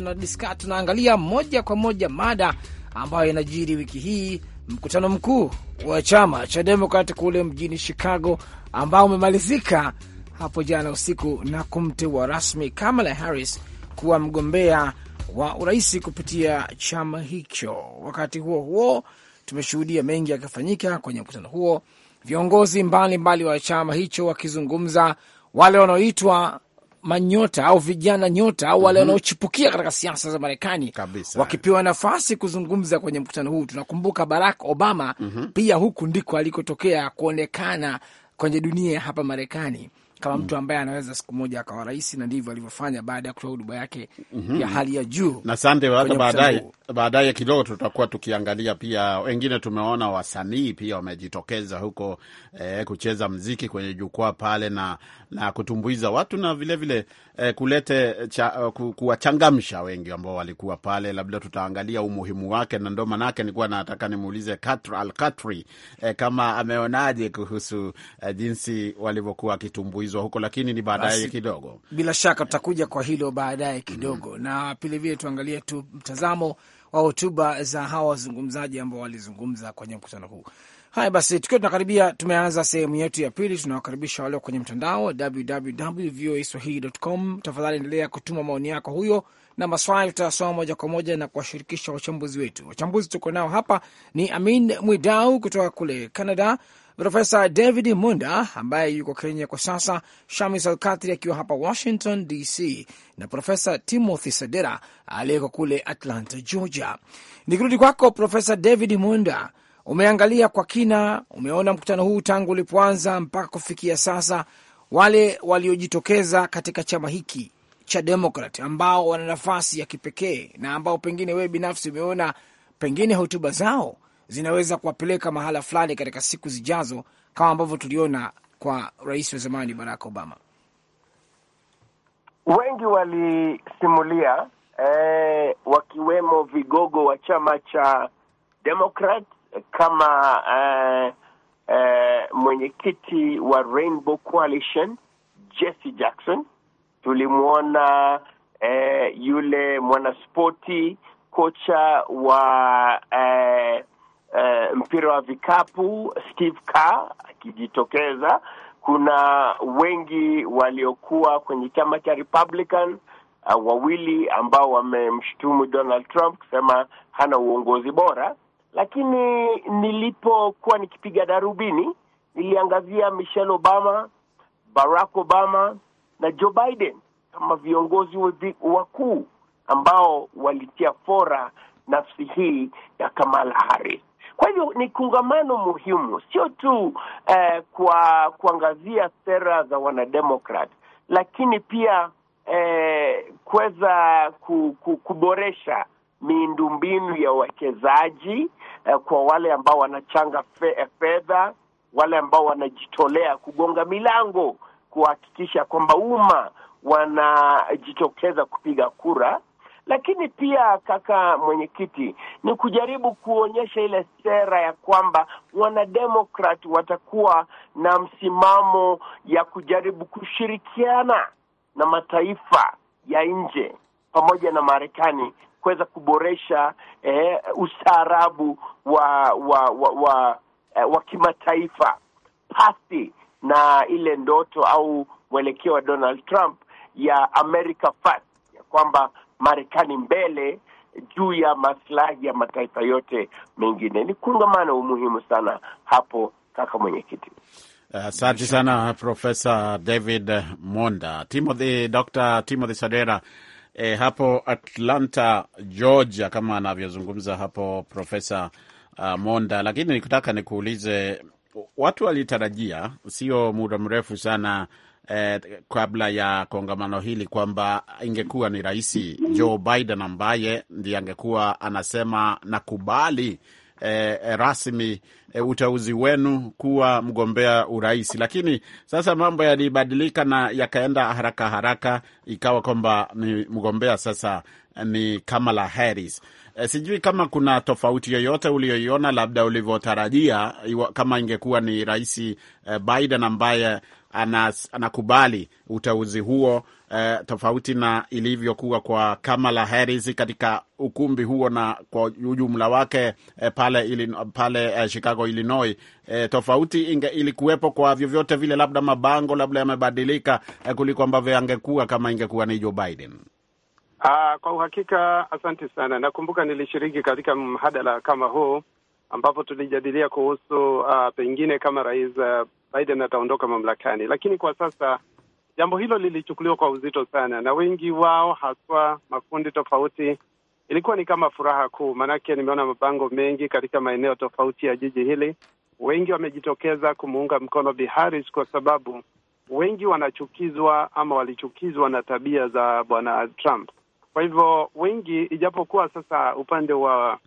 tunaangalia moja kwa moja mada ambayo inajiri wiki hii, mkutano mkuu wa chama cha demokrat kule mjini Chicago ambao umemalizika hapo jana usiku na kumteua rasmi Kamala Harris kuwa mgombea wa urais kupitia chama hicho. Wakati huo huo tumeshuhudia mengi yakifanyika kwenye mkutano huo, viongozi mbalimbali mbali wa chama hicho wakizungumza, wale wanaoitwa manyota au vijana nyota au wale mhm. wanaochipukia mm -hmm. katika siasa za Marekani wakipewa nafasi kuzungumza kwenye mkutano huu. Tunakumbuka Barack Obama mm -hmm. pia huku ndiko alikotokea kuonekana kwenye dunia hapa Marekani kama mm. mtu ambaye anaweza siku moja akawa rais, na ndivyo alivyofanya baada ya kutoa huduba yake mm -hmm. ya hali ya juu. Na sande baadaye kidogo tutakuwa tukiangalia pia, wengine tumeona wasanii pia wamejitokeza huko eh, kucheza mziki kwenye jukwaa pale, na na kutumbuiza watu na vilevile vile, eh, kulete cha, eh, ku, kuwachangamsha wengi ambao walikuwa pale. Labda tutaangalia umuhimu wake, na ndo manake nikuwa nataka nimuulize Katra Al Katri eh, kama ameonaje kuhusu eh, jinsi walivyokuwa wakitumbuizwa huko, lakini ni baadaye kidogo. Bila shaka tutakuja kwa hilo baadaye kidogo mm -hmm. na vilevile tuangalie tu mtazamo wa hotuba za hawa wazungumzaji ambao walizungumza kwenye mkutano huu. Haya basi, tukiwa tunakaribia, tumeanza sehemu yetu ya pili. Tunawakaribisha walio kwenye mtandao wa www.voaswahili.com. Tafadhali endelea kutuma maoni yako huyo na maswali, tutayasoma moja kwa moja na kuwashirikisha wachambuzi wetu. Wachambuzi tuko nao hapa ni Amin Mwidau kutoka kule Canada, Profesa David Munda ambaye yuko Kenya kwa sasa, Shamis Alkatri akiwa hapa Washington DC na Profesa Timothy Sadera aliyeko kule Atlanta, Georgia. Nikirudi kwako Profesa David Munda, umeangalia kwa kina, umeona mkutano huu tangu ulipoanza mpaka kufikia sasa, wale waliojitokeza katika chama hiki cha Demokrat ambao wana nafasi ya kipekee na ambao pengine wewe binafsi umeona pengine hotuba zao zinaweza kuwapeleka mahala fulani katika siku zijazo, kama ambavyo tuliona kwa rais wa zamani Barack Obama. Wengi walisimulia eh, wakiwemo vigogo wa chama cha Demokrat kama uh, uh, mwenyekiti wa Rainbow Coalition Jesse Jackson, tulimwona uh, eh, yule mwanaspoti kocha wa uh, uh, mpira wa vikapu Steve Kerr akijitokeza. Kuna wengi waliokuwa kwenye chama cha Republican uh, wawili ambao wamemshutumu Donald Trump kusema hana uongozi bora. Lakini nilipokuwa nikipiga darubini, niliangazia Michelle Obama, Barack Obama na Joe Biden kama viongozi wakuu ambao walitia fora nafsi hii ya Kamala Harris. Kwa hivyo ni kungamano muhimu, sio tu eh, kwa kuangazia sera za wanademokrat, lakini pia eh, kuweza ku, ku, kuboresha miundombinu ya uwekezaji eh, kwa wale ambao wanachanga eh, fedha, wale ambao wanajitolea kugonga milango kuhakikisha kwamba umma wanajitokeza kupiga kura. Lakini pia kaka mwenyekiti, ni kujaribu kuonyesha ile sera ya kwamba wanademokrat watakuwa na msimamo ya kujaribu kushirikiana na mataifa ya nje pamoja na Marekani kuweza kuboresha eh, ustaarabu wa wa wa, wa, eh, wa kimataifa pasi na ile ndoto au mwelekeo wa Donald Trump ya America First, ya kwamba Marekani mbele juu ya maslahi ya mataifa yote mengine. Ni kungamano umuhimu sana hapo, kaka mwenyekiti. Asante uh, sana Profesa David Monda. Timothy, Dr. Timothy Sadera e, hapo Atlanta Georgia, kama anavyozungumza hapo Profesa uh, Monda. Lakini nikutaka nikuulize, watu walitarajia sio muda mrefu sana E, kabla ya kongamano hili kwamba ingekuwa ni Rais Joe Biden ambaye ndiye angekuwa anasema nakubali Eh, eh, rasmi eh, uteuzi wenu kuwa mgombea urais. Lakini sasa mambo yalibadilika na yakaenda haraka haraka, ikawa kwamba ni mgombea sasa ni Kamala Harris. Eh, sijui kama kuna tofauti yoyote uliyoiona labda ulivyotarajia kama ingekuwa ni rais eh, Biden ambaye anas, anakubali uteuzi huo eh, tofauti na ilivyokuwa kwa Kamala Harris katika ukumbi huo na kwa ujumla wake eh, pale, ili, pale eh, Chicago Illinois. Eh, tofauti ilikuwepo kwa vyovyote vile, labda mabango labda yamebadilika eh, kuliko ambavyo yangekuwa kama ingekuwa ni Joe Biden. Aa, ah, kwa uhakika, asante sana. Nakumbuka nilishiriki katika mhadala kama huu ambapo tulijadilia kuhusu uh, pengine kama rais uh, Biden ataondoka mamlakani, lakini kwa sasa Jambo hilo lilichukuliwa kwa uzito sana na wengi wao, haswa makundi tofauti. Ilikuwa ni kama furaha kuu, maanake nimeona mabango mengi katika maeneo tofauti ya jiji hili. Wengi wamejitokeza kumuunga mkono Bi Harris kwa sababu wengi wanachukizwa ama walichukizwa na tabia za bwana Trump. Kwa hivyo wengi, ijapokuwa sasa upande wa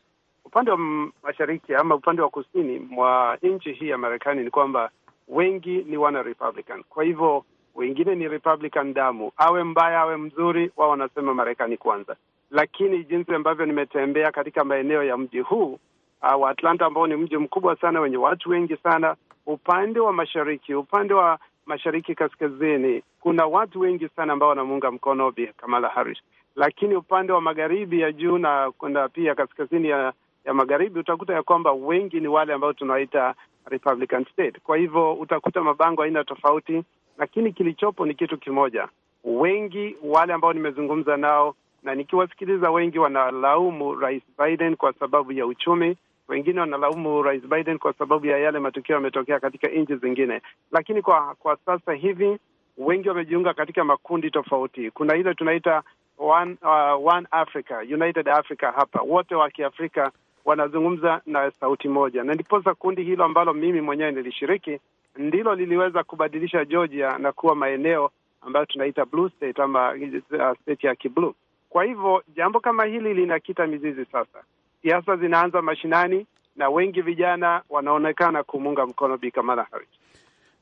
upande wa mashariki ama upande wa kusini mwa nchi hii ya Marekani ni kwamba wengi ni wana Republican. Kwa hivyo wengine ni Republican damu, awe mbaya awe mzuri, wao wanasema Marekani kwanza. Lakini jinsi ambavyo nimetembea katika maeneo ya mji huu uh, wa Atlanta ambao ni mji mkubwa sana wenye watu wengi sana, upande wa mashariki, upande wa mashariki kaskazini, kuna watu wengi sana ambao wanamuunga mkono Bi Kamala Harris, lakini upande wa magharibi ya juu na kwenda pia kaskazini ya, ya magharibi utakuta ya kwamba wengi ni wale ambao tunawaita Republican state. Kwa hivyo utakuta mabango aina tofauti lakini kilichopo ni kitu kimoja. Wengi wale ambao nimezungumza nao na nikiwasikiliza, wengi wanalaumu Rais Biden kwa sababu ya uchumi, wengine wanalaumu Rais Biden kwa sababu ya yale matukio yametokea katika nchi zingine, lakini kwa kwa sasa hivi wengi wamejiunga katika makundi tofauti. Kuna ile tunaita one, uh, one Africa, United Africa. Hapa wote wa Kiafrika wanazungumza na sauti moja, na ndiposa kundi hilo ambalo mimi mwenyewe nilishiriki ndilo liliweza kubadilisha Georgia na kuwa maeneo ambayo tunaita blue state ama uh, state ya kibluu. Kwa hivyo jambo kama hili linakita mizizi sasa, siasa zinaanza mashinani na wengi vijana wanaonekana kumuunga mkono Bi Kamala Harris.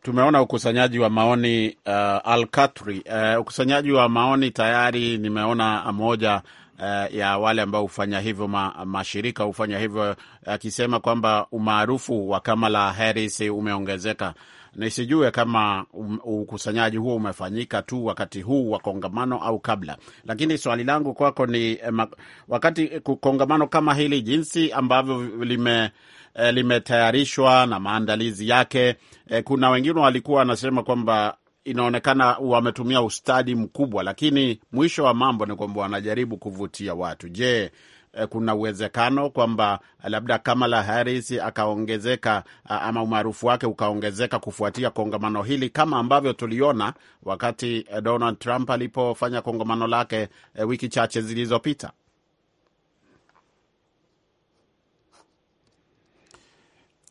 Tumeona ukusanyaji wa maoni uh, Al Katri uh, ukusanyaji wa maoni tayari nimeona moja uh, ya wale ambao hufanya hivyo ma, mashirika hufanya hivyo akisema uh, kwamba umaarufu wa Kamala Harris umeongezeka. Nisijue kama um, ukusanyaji huo umefanyika tu wakati huu wa kongamano au kabla, lakini swali langu kwako ni eh, wakati kongamano kama hili jinsi ambavyo lime eh, limetayarishwa na maandalizi yake eh, kuna wengine walikuwa wanasema kwamba inaonekana wametumia ustadi mkubwa, lakini mwisho wa mambo ni kwamba wanajaribu kuvutia watu. Je, eh, kuna uwezekano kwamba labda Kamala Harris akaongezeka ama umaarufu wake ukaongezeka kufuatia kongamano hili, kama ambavyo tuliona wakati eh, Donald Trump alipofanya kongamano lake eh, wiki chache zilizopita?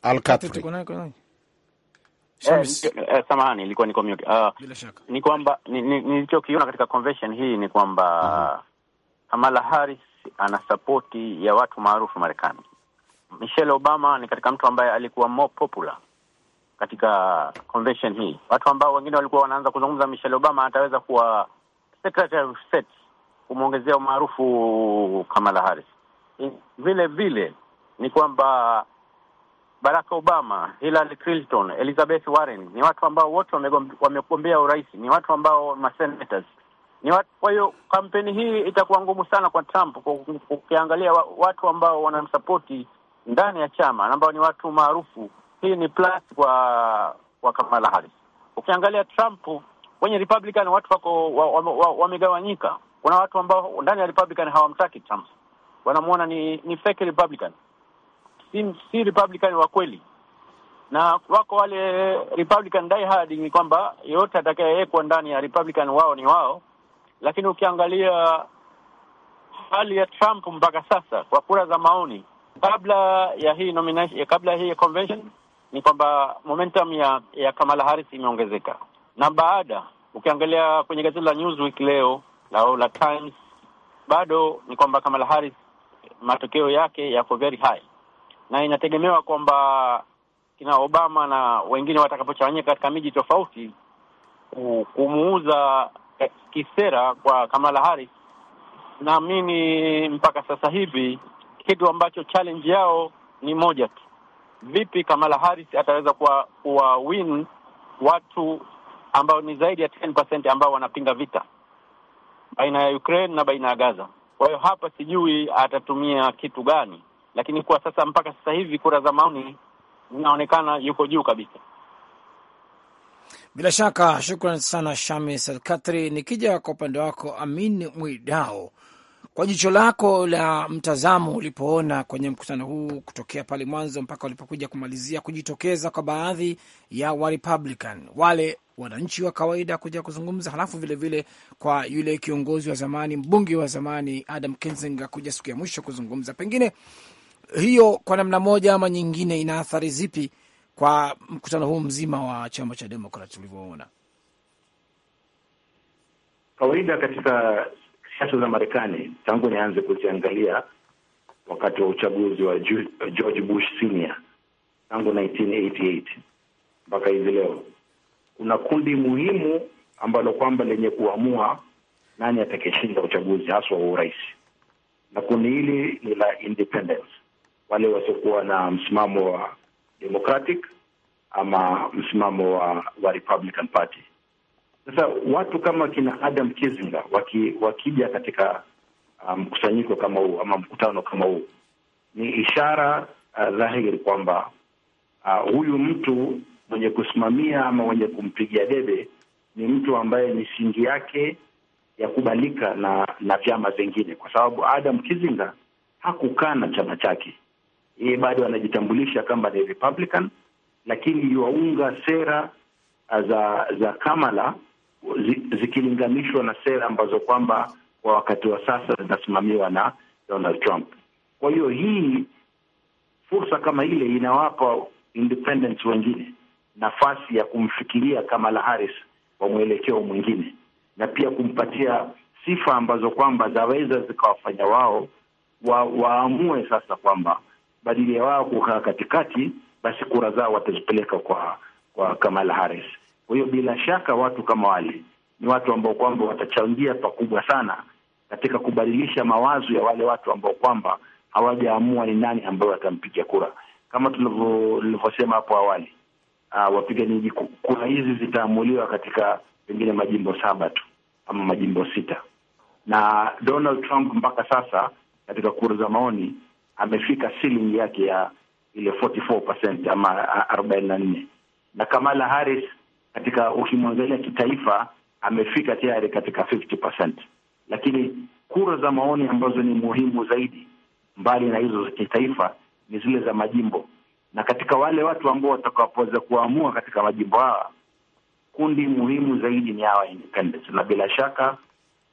Alkatri Eh, eh, samahani, ilikuwa niko mute. Ah, ni kwamba nilichokiona katika convention hii ni kwamba mm-hmm. Kamala Harris ana sapoti ya watu maarufu Marekani. Michelle Obama ni katika mtu ambaye alikuwa more popular katika convention hii. Watu ambao wengine walikuwa wanaanza kuzungumza Michelle Obama ataweza kuwa secretary of state, kumwongezea umaarufu Kamala Harris. Vile vile ni kwamba Barack Obama, Hillary Clinton, Elizabeth Warren ni watu ambao wote wamegombea urais, ni watu ambao senators ni watu. Kwa hiyo kampeni hii itakuwa ngumu sana kwa Trump, ukiangalia watu ambao wanamsapoti ndani ya chama ambao ni watu maarufu. Hii ni plus kwa kwa Kamala Harris. Ukiangalia Trump kwenye Republican watu wako wamegawanyika, wa, wa, wa kuna watu ambao ndani ya Republican hawamtaki Trump, wanamuona ni, ni fake Republican si, si Republican wa kweli, na wako wale Republican die hard, ni kwamba yote atakayewekwa ndani ya Republican wao ni wao. Lakini ukiangalia hali ya Trump mpaka sasa kwa kura za maoni kabla ya hii nomination, kabla ya hii convention ni kwamba momentum ya, ya Kamala Harris imeongezeka, na baada ukiangalia kwenye gazeti la Newsweek leo la, la Times bado ni kwamba Kamala Harris matokeo yake yako very high na inategemewa kwamba kina Obama na wengine watakapochanganyika katika miji tofauti kumuuza eh, kisera kwa Kamala Harris, naamini mpaka sasa hivi kitu ambacho challenge yao ni moja tu, vipi Kamala Harris ataweza kuwa, kuwa win watu ambao ni zaidi ya 10% ambao wanapinga vita baina ya Ukraine na baina ya Gaza. Kwa hiyo hapa sijui atatumia kitu gani lakini kwa sasa, mpaka sasa hivi kura za maoni zinaonekana yuko juu kabisa. Bila shaka, shukran sana Shamis Alkatri. Nikija kwa upande wako Amin Mwidao, kwa jicho lako la mtazamo, ulipoona kwenye mkutano huu kutokea pale mwanzo mpaka walipokuja kumalizia kujitokeza kwa baadhi ya wa Republican, wale wananchi wa kawaida kuja kuzungumza, halafu vilevile vile kwa yule kiongozi wa zamani, mbunge wa zamani Adam Kinzinger kuja siku ya mwisho kuzungumza, pengine hiyo kwa namna moja ama nyingine ina athari zipi kwa mkutano huu mzima wa chama cha Demokrat ulivyoona? Kawaida katika siasa za Marekani, tangu nianze kuziangalia wakati wa uchaguzi wa George Bush Senior tangu 1988 mpaka hivi leo, kuna kundi muhimu ambalo kwamba lenye kuamua nani atakayeshinda uchaguzi haswa wa urais, na kundi hili ni la independence wale wasiokuwa na msimamo wa Democratic ama msimamo wa, wa Republican Party. Sasa watu kama kina Adam Kizinga waki, wakija katika uh, mkusanyiko um, kama huu ama mkutano kama huu ni ishara uh, dhahiri kwamba uh, huyu mtu mwenye kusimamia ama mwenye kumpigia debe ni mtu ambaye misingi yake ya kubalika na na vyama vingine, kwa sababu Adam Kizinga hakukaa na chama chake, yeye bado anajitambulisha kama ni Republican, lakini yuaunga sera ah, za za Kamala zikilinganishwa na sera ambazo kwamba kwa wakati wa sasa zinasimamiwa na Donald Trump. Kwa hiyo hii fursa kama ile inawapa independents wengine nafasi ya kumfikiria Kamala Harris kwa mwelekeo mwingine, na pia kumpatia sifa ambazo kwamba zaweza zikawafanya wao wa, waamue sasa kwamba badili ya wao kukaa katikati, basi kura zao watazipeleka kwa kwa Kamala Harris. Kwa hiyo bila shaka watu kama wale ni watu ambao kwamba watachangia pakubwa sana katika kubadilisha mawazo ya wale watu ambao kwamba hawajaamua ni nani ambayo watampiga kura. Kama tulivyosema hapo awali, ah, wapiganiji kura hizi zitaamuliwa katika pengine majimbo saba tu ama majimbo sita, na Donald Trump mpaka sasa katika kura za maoni amefika ceiling yake ya ile 44% ama 44 na Kamala Harris katika ukimwangalia kitaifa amefika tayari katika 50%, lakini kura za maoni ambazo ni muhimu zaidi mbali na hizo za kitaifa ni zile za majimbo, na katika wale watu ambao watakapoweza kuamua katika majimbo hawa, kundi muhimu zaidi ni hawa independents, na bila shaka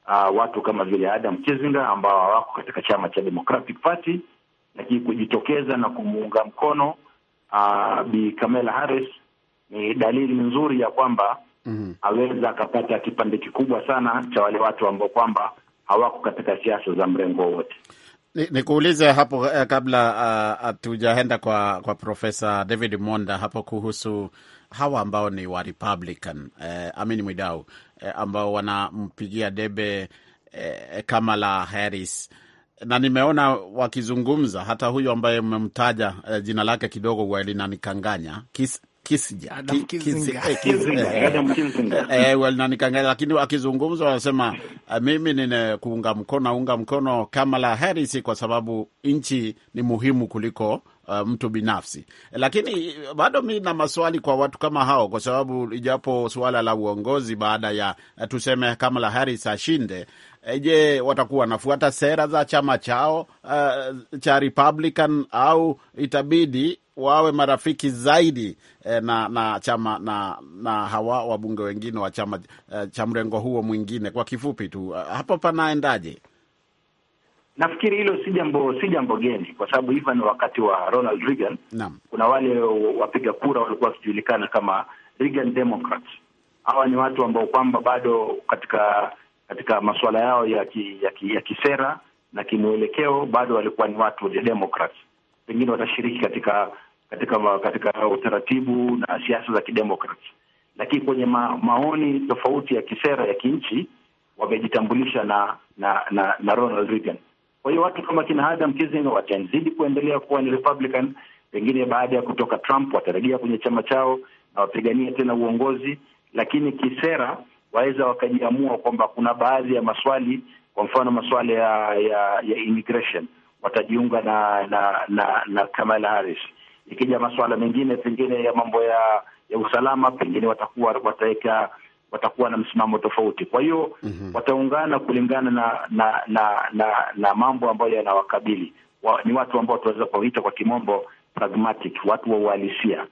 uh, watu kama vile Adam Kizinga ambao hawako katika chama cha Democratic Party lakini kujitokeza na kumuunga mkono uh, Bi Kamala Harris ni dalili nzuri ya kwamba mm -hmm. aweza akapata kipande kikubwa sana cha wale watu ambao kwamba hawako katika siasa za mrengo wowote. Nikuulize ni hapo eh, kabla ah, hatujaenda uh, kwa kwa Profesa David Monda hapo kuhusu hawa ambao ni wa Republican eh, Amin Mwidau eh, ambao wanampigia debe eh, Kamala Harris na nimeona wakizungumza hata huyu ambaye mmemtaja eh, jina lake kidogo linanikanganya Kizinga, eh, eh, eh, lakini akizungumza wanasema mimi nina kuunga mkono, aunga mkono Kamala Harris kwa sababu nchi ni muhimu kuliko Uh, mtu binafsi, lakini bado mi na maswali kwa watu kama hao, kwa sababu ijapo suala la uongozi baada ya tuseme Kamala Harris ashinde, je, watakuwa wanafuata sera za chama chao uh, cha Republican au itabidi wawe marafiki zaidi eh, na, na chama na, na hawa wabunge wengine wa chama eh, cha mrengo huo mwingine. Kwa kifupi tu, eh, hapo panaendaje? Nafikiri hilo si jambo si jambo geni, kwa sababu even wakati wa Ronald Reagan naam, kuna wale wapiga kura walikuwa wakijulikana kama Reagan Democrats. Hawa ni watu ambao kwamba bado katika katika masuala yao ya ki, ya, ki, ya kisera na kimwelekeo bado walikuwa ni watu wa Democrats. Pengine watashiriki katika katika katika utaratibu na siasa za kidemokrat, lakini kwenye ma, maoni tofauti ya kisera ya kinchi wamejitambulisha na na, na na Ronald Reagan. Kwa hiyo watu kama kina Adam Kissinger watazidi kuendelea kuwa ni Republican, pengine baada ya kutoka Trump watarejea kwenye chama chao na wapigania tena uongozi, lakini kisera waweza wakajiamua kwamba kuna baadhi ya maswali, kwa mfano maswala ya ya, ya immigration watajiunga na na na, na Kamala Harris Ikija masuala mengine pengine ya mambo ya ya usalama, pengine watakuwa wataweka watakuwa na msimamo tofauti. Kwa hiyo mm -hmm. wataungana kulingana na na na na, na mambo ambayo yanawakabili wa, ni watu ambao tunaweza kuwaita kwa kimombo pragmatic, watu wa uhalisia,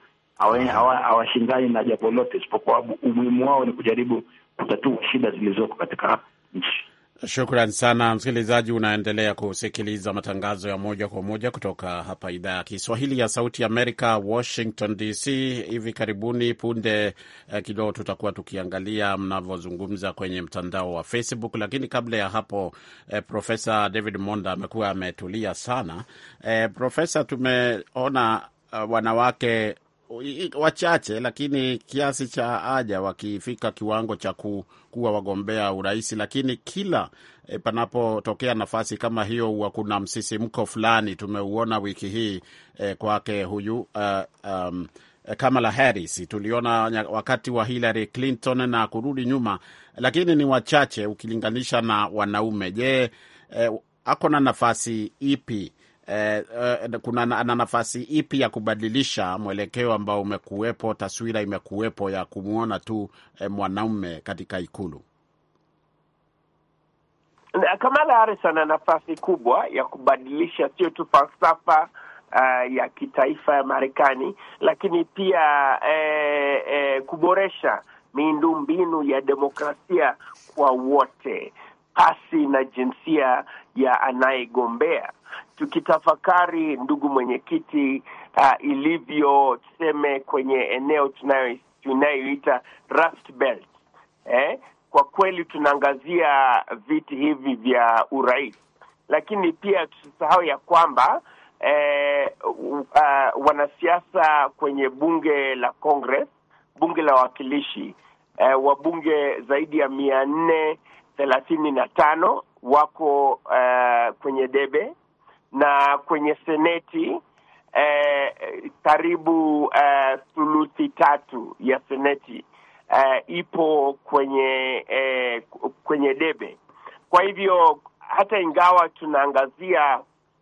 hawashingani na jambo lote, isipokuwa umuhimu wao ni kujaribu kutatua shida zilizoko katika nchi. Shukran sana msikilizaji, unaendelea kusikiliza matangazo ya moja kwa moja kutoka hapa idhaa ya Kiswahili ya Sauti Amerika, Washington DC. Hivi karibuni punde eh, kidogo tutakuwa tukiangalia mnavyozungumza kwenye mtandao wa Facebook, lakini kabla ya hapo eh, Profesa David Monda amekuwa ametulia sana. Eh, Profesa, tumeona eh, wanawake wachache lakini kiasi cha haja wakifika kiwango cha ku, kuwa wagombea urais, lakini kila e, panapotokea nafasi kama hiyo huwa kuna msisimko fulani. Tumeuona wiki hii e, kwake huyu uh, um, Kamala Harris tuliona wakati wa Hillary Clinton na kurudi nyuma, lakini ni wachache ukilinganisha na wanaume. Je, e, ako na nafasi ipi Eh, eh, kuna na nafasi ipi ya kubadilisha mwelekeo ambao umekuwepo, taswira imekuwepo ya kumwona tu eh, mwanaume katika ikulu? Kamala Harris ana nafasi kubwa ya kubadilisha sio tu falsafa uh, ya kitaifa ya Marekani, lakini pia eh, eh, kuboresha mbinu ya demokrasia kwa wote pasi na jinsia ya anayegombea tukitafakari, ndugu mwenyekiti, uh, ilivyo tuseme kwenye eneo tunayoita Rust Belt eh? Kwa kweli tunaangazia viti hivi vya urais, lakini pia tusisahau ya kwamba eh, uh, wanasiasa kwenye bunge la Congress, bunge la wawakilishi eh, wabunge zaidi ya mia nne thelathini na tano wako uh, kwenye debe na kwenye seneti eh, karibu eh, eh, thuluthi tatu ya seneti eh, ipo kwenye eh, kwenye debe. Kwa hivyo hata ingawa tunaangazia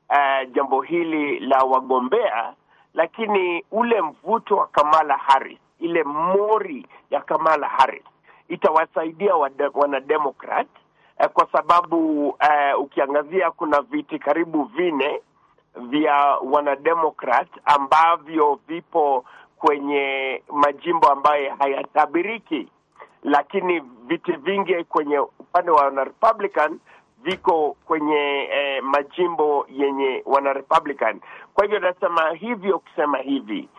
eh, jambo hili la wagombea, lakini ule mvuto wa Kamala Harris, ile mori ya Kamala Harris itawasaidia wanademokrat eh, kwa sababu eh, ukiangazia kuna viti karibu vine vya wanademokrat ambavyo vipo kwenye majimbo ambayo hayatabiriki, lakini viti vingi kwenye upande wa wanarepublican viko kwenye eh, majimbo yenye wanarepublican. Kwa hivyo nasema hivyo, kusema hivi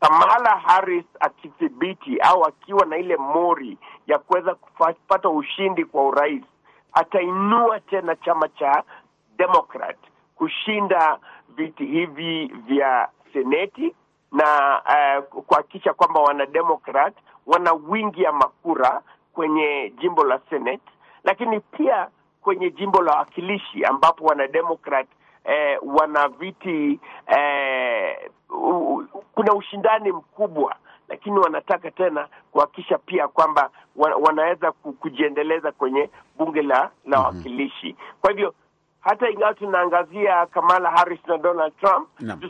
Kamala Harris akithibiti au akiwa na ile mori ya kuweza kupata ushindi kwa urais atainua tena chama cha Democrat kushinda viti hivi vya seneti na uh, kuhakikisha kwamba wanademokrat wana wingi ya makura kwenye jimbo la Senate, lakini pia kwenye jimbo la wakilishi ambapo wanademokrat eh, wana viti eh, kuna ushindani mkubwa lakini wanataka tena kuhakikisha pia kwamba wanaweza kujiendeleza kwenye bunge la la wawakilishi. Mhm. mm -hmm. Kwa hivyo hata ingawa tunaangazia Kamala Harris na Donald Trump no.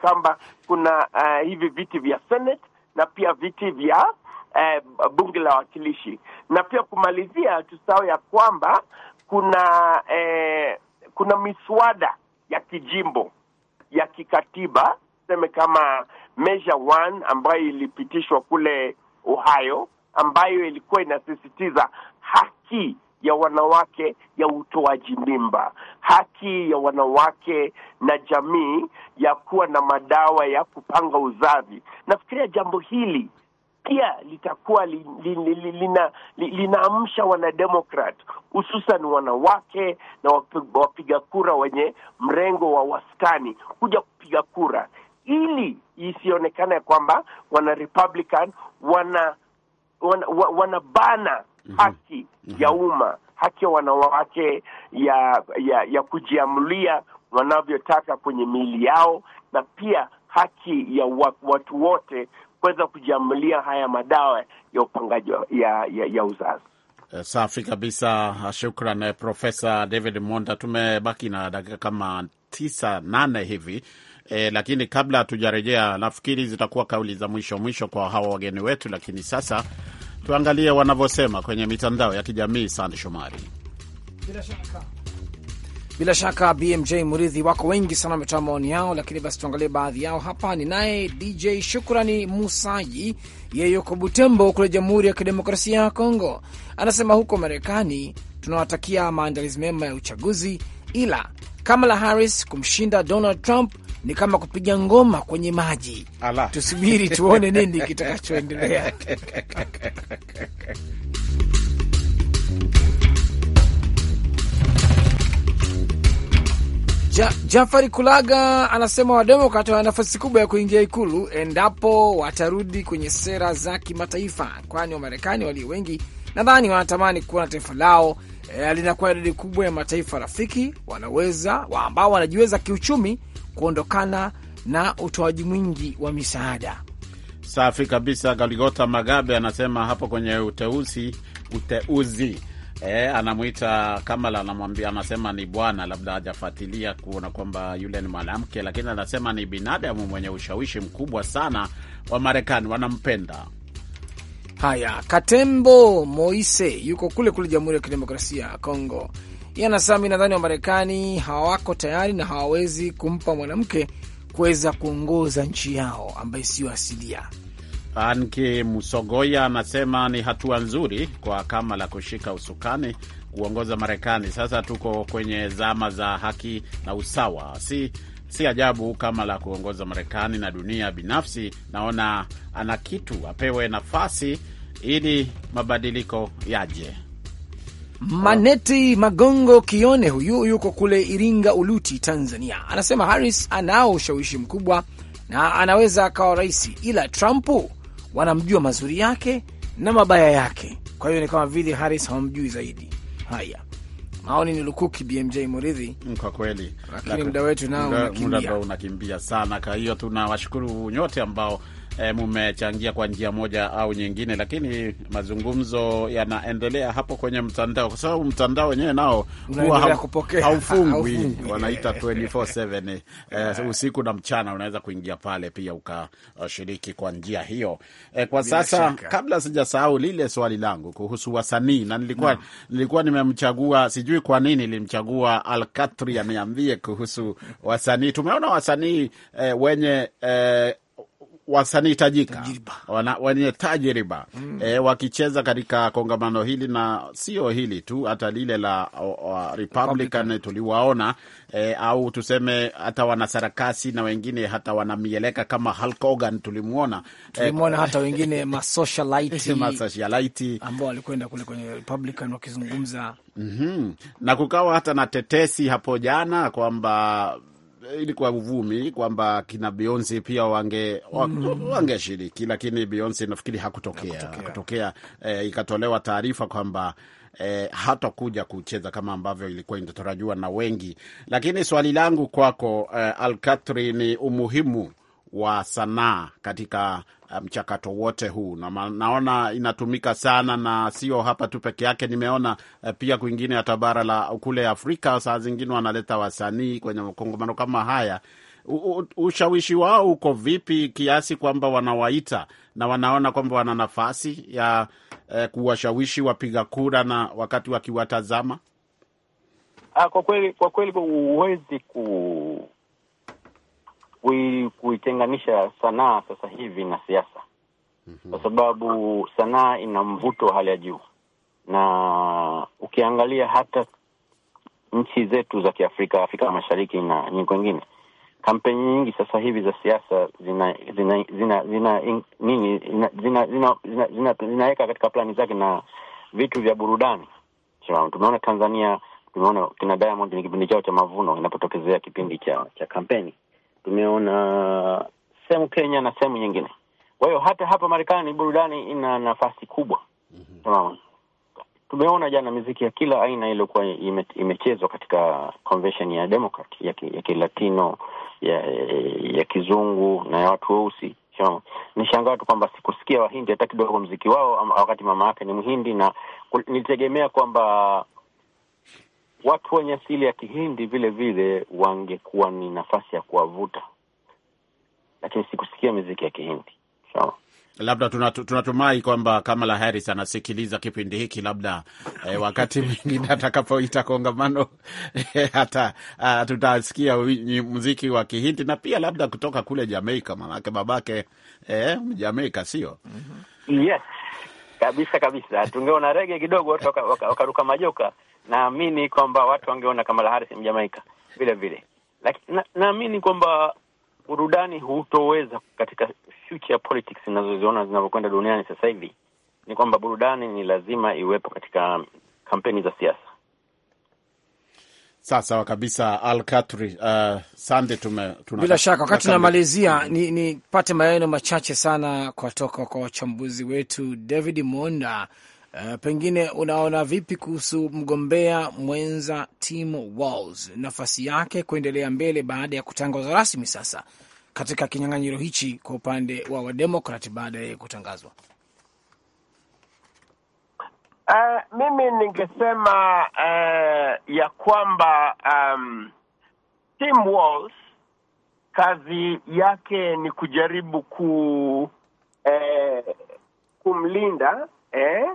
kwamba kuna uh, hivi viti vya Senate na pia viti vya uh, bunge la wawakilishi, na pia kumalizia, tusahau ya kwamba kuna uh, kuna miswada ya kijimbo ya kikatiba tuseme kama measure one ambayo ilipitishwa kule Ohio, ambayo ilikuwa inasisitiza haki ya wanawake ya utoaji mimba, haki ya wanawake na jamii ya kuwa na madawa ya kupanga uzazi. Nafikiria jambo hili pia litakuwa li, li, li, li, lina, li, linaamsha wanademokrat hususan wanawake na wapiga kura wenye mrengo wa wastani kuja kupiga kura ili isionekane kwamba wana Republican wana wana, wanabana mhm. haki mm -hmm. ya mhm. umma, haki ya wanawake ya ya, ya kujiamulia wanavyotaka kwenye miili yao, na pia haki ya watu wote kuweza kujiamulia haya madawa ya upangaji ya, ya, ya uzazi. Eh, safi kabisa, shukran eh, Profesa David Monda. Tumebaki na dakika kama tisa nane hivi E, lakini kabla hatujarejea, nafikiri zitakuwa kauli za mwisho mwisho kwa hawa wageni wetu, lakini sasa tuangalie wanavyosema kwenye mitandao ya kijamii. Sande Shomari, bila shaka bila shaka BMJ Muridhi, wako wengi sana wametoa maoni yao, lakini basi tuangalie baadhi yao hapa. Ni naye DJ Shukrani Musaji, yeye yuko Butembo kule Jamhuri ya Kidemokrasia ya Kongo. Anasema huko Marekani tunawatakia maandalizi mema ya uchaguzi, ila Kamala Harris kumshinda Donald Trump ni kama kupiga ngoma kwenye maji. Tusubiri tuone nini kitakachoendelea. Ja, Jafari Kulaga anasema Wademokrat wana nafasi kubwa ya kuingia Ikulu endapo watarudi kwenye sera za kimataifa, kwani Wamarekani walio wengi nadhani wanatamani kuona taifa lao e, linakuwa idadi kubwa ya mataifa rafiki wanaweza ambao wanajiweza kiuchumi kuondokana na utoaji mwingi wa misaada. Safi kabisa. Galigota Magabe anasema hapo kwenye uteuzi uteuzi E, anamwita Kamala, anamwambia anasema ni bwana, labda hajafuatilia kuona kwamba yule ni mwanamke, lakini anasema ni binadamu mwenye ushawishi mkubwa sana wa Marekani, wanampenda. Haya, Katembo Moise yuko kule kule Jamhuri ya Kidemokrasia ya Kongo, yanasami nadhani wa Marekani hawako tayari na hawawezi kumpa mwanamke kuweza kuongoza nchi yao ambaye siyo asilia. Anki Musogoya anasema ni hatua nzuri kwa kama la kushika usukani kuongoza Marekani. Sasa tuko kwenye zama za haki na usawa, si si ajabu kama la kuongoza Marekani na dunia. Binafsi naona ana kitu, apewe nafasi ili mabadiliko yaje. Maneti Magongo Kione, huyu yuko kule Iringa, Uluti, Tanzania, anasema Harris anao ushawishi mkubwa na anaweza akawa rais, ila Trump wanamjua mazuri yake na mabaya yake. Kwa hiyo ni kama vile Harris hawamjui zaidi. Haya, maoni ni lukuki. BMJ Muridhi, mm, kwa kweli, lakini muda wetu nao unakimbia sana. Kwa hiyo tunawashukuru nyote ambao e, mumechangia kwa njia moja au nyingine, lakini mazungumzo yanaendelea hapo kwenye mtandao, kwa sababu mtandao wenyewe nao huwa haufungwi, wanaita 24/7 e, usiku na mchana, unaweza kuingia pale pia ukashiriki kwa njia hiyo e, kwa Bila sasa shaka. Kabla sijasahau lile swali langu kuhusu wasanii na nilikuwa no. nilikuwa nimemchagua, sijui kwa nini nilimchagua Alkatri aniambie kuhusu wasanii. Tumeona wasanii e, wenye e, wasanii tajika wenye tajriba mm. E, wakicheza katika kongamano hili na sio hili tu, hata lile la o, o, Republican tuliwaona e, au tuseme hata wanasarakasi na wengine hata wanamieleka kama Hulk Hogan tulimwona, eh, tulimwona e, hata wengine masocialite masocialite ambao walikwenda kule kwenye Republican wakizungumza mm -hmm. na kukawa hata na tetesi hapo jana kwamba ili kwa uvumi kwamba kina Beyonce pia wange mm. wangeshiriki, lakini Beyonce nafikiri hakutokea, hakutokea. E, ikatolewa taarifa kwamba e, hatakuja kucheza kama ambavyo ilikuwa inatarajiwa na wengi. Lakini swali langu kwako e, Alkatri, ni umuhimu wa sanaa katika Uh, mchakato wote huu na naona inatumika sana, na sio hapa tu peke yake. Nimeona uh, pia kwingine hata bara la kule Afrika, saa zingine wanaleta wasanii kwenye makongomano kama haya. U, ushawishi wao uko vipi kiasi kwamba wanawaita na wanaona kwamba wana nafasi ya eh, kuwashawishi wapiga kura na wakati wakiwatazama? Ah, kwa kweli, kwa kweli huwezi ku kuitenganisha sanaa sasa hivi na siasa mhm. kwa sababu sanaa ina mvuto wa hali ya juu, na ukiangalia hata nchi zetu za Kiafrika, Afrika Mashariki na nyingi kwengine, kampeni nyingi sasa hivi za siasa zina zina zina zina nini zinaweka katika plani zake na vitu vya burudani. Tumeona Tanzania, tumeona kina Diamond ni kipindi chao cha mavuno inapotokezea kipindi cha cha kampeni tumeona sehemu Kenya na sehemu nyingine. Kwa hiyo hata hapa Marekani burudani ina nafasi kubwa. mm -hmm. tumeona jana miziki ya kila aina iliyokuwa imechezwa katika convention ya Democrat ya kilatino ya, ya, ya kizungu na ya watu weusi. Nishangaa tu kwamba sikusikia Wahindi hata kidogo mziki wao, wakati mama yake ni Mhindi, na nilitegemea kwamba watu wenye asili ya Kihindi vile vile wangekuwa ni nafasi ya kuwavuta, lakini sikusikia miziki ya Kihindi sawa. Labda tunatumai kwamba Kamala Harris anasikiliza kipindi hiki, labda eh, wakati mwingine atakapoita kongamano hata uh, tutasikia muziki wa Kihindi na pia labda kutoka kule Jamaika, manake babake eh, Jamaika sio? mm -hmm. Yes, kabisa kabisa. Tungeona rege kidogo, watu wakaruka waka, waka majoka. Naamini kwamba watu wangeona Kamala Harris Mjamaika vile vile, lakini naamini na kwamba burudani hutoweza katika future politics zinazoziona zinavyokwenda duniani sasa hivi, ni kwamba burudani ni lazima iwepo katika kampeni za siasa. Sawa kabisa Alkatri. Uh, sande tume, tuna bila shaka wakati tunamalizia, nipate mm. ni maneno machache sana kutoka kwa wachambuzi wetu. David Monda, uh, pengine unaona vipi kuhusu mgombea mwenza Tim Walz, nafasi yake kuendelea mbele baada ya kutangazwa rasmi sasa katika kinyang'anyiro hichi kwa upande wa Wademokrat baada ya kutangazwa Uh, mimi ningesema uh, ya kwamba um, Tim Walz kazi yake ni kujaribu ku eh, kumlinda eh,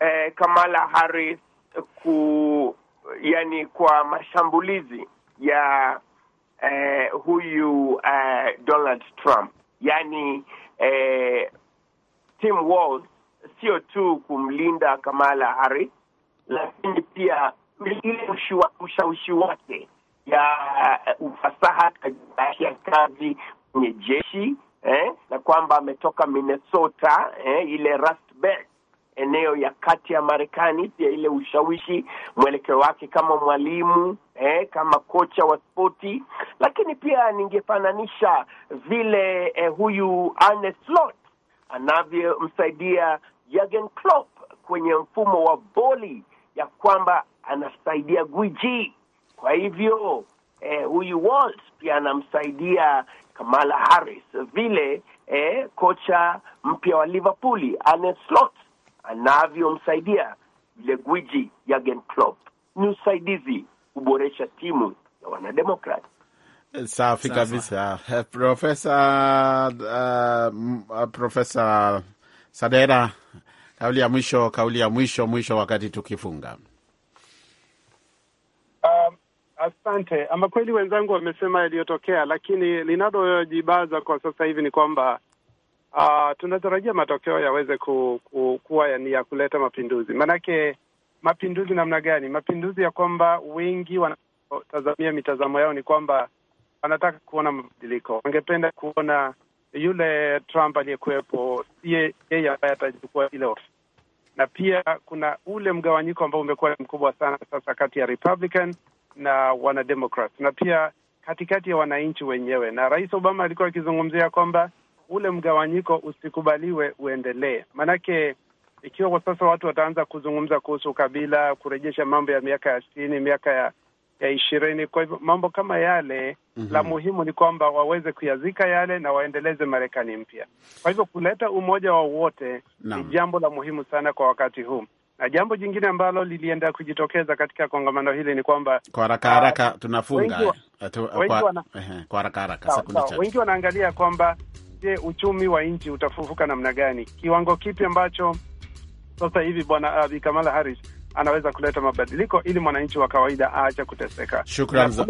eh, Kamala Harris ku yani kwa mashambulizi ya eh, huyu eh, Donald Trump yani eh, Tim Walz sio tu kumlinda Kamala Harris, lakini pia ile ushawishi wake ya uh, ufasaha ya kazi kwenye jeshi eh, na kwamba ametoka Minnesota eh, ile Rust Belt eneo ya kati ya Marekani, pia ile ushawishi mwelekeo wake kama mwalimu eh, kama kocha wa spoti, lakini pia ningefananisha vile eh, huyu Arne Slot anavyomsaidia Jurgen Klopp kwenye mfumo wa boli ya kwamba anasaidia gwiji. Kwa hivyo eh, huyu Walsh pia anamsaidia Kamala Harris vile eh, kocha mpya wa Liverpool Arne Slot anavyomsaidia vile gwiji Jurgen Klopp. Ni usaidizi kuboresha timu ya wanademokrat Safi kabisa, eh, Profesa uh, Profesa Sadera, kauli ya mwisho, kauli ya mwisho mwisho, wakati tukifunga. Um, asante. Ama kweli wenzangu wamesema yaliyotokea, lakini linalojibaza kwa sasa hivi ni kwamba uh, tunatarajia matokeo yaweze ku, ku, kuwa ni ya kuleta mapinduzi. Maanake mapinduzi namna gani? Mapinduzi ya kwamba wengi wanatazamia mitazamo yao ni kwamba wanataka kuona mabadiliko, wangependa kuona yule Trump aliyekuwepo yeye ambaye atachukua ile ofisi, na pia kuna ule mgawanyiko ambao umekuwa mkubwa sana sasa kati ya Republican na wanademokrat, na pia katikati ya wananchi wenyewe. Na Rais Obama alikuwa akizungumzia kwamba ule mgawanyiko usikubaliwe uendelee, maanake ikiwa kwa sasa watu wataanza kuzungumza kuhusu kabila, kurejesha mambo ya miaka ya sitini, miaka ya ya ishirini. Kwa hivyo mambo kama yale mm -hmm. La mhm. muhimu ni kwamba waweze kuyazika yale na waendeleze Marekani mpya. Kwa hivyo kuleta umoja wa wote no. ni jambo la muhimu sana kwa wakati huu na jambo jingine ambalo lilienda kujitokeza katika kongamano hili ni kwamba kwa haraka haraka ah, tunafunga kwa haraka haraka, wengi wanaangalia kwamba je, uchumi wa nchi utafufuka namna gani, kiwango kipi ambacho sasa hivi bwana Abi ah, Kamala Harris anaweza kuleta mabadiliko ili mwananchi wa kawaida aache kuteseka. Shukran za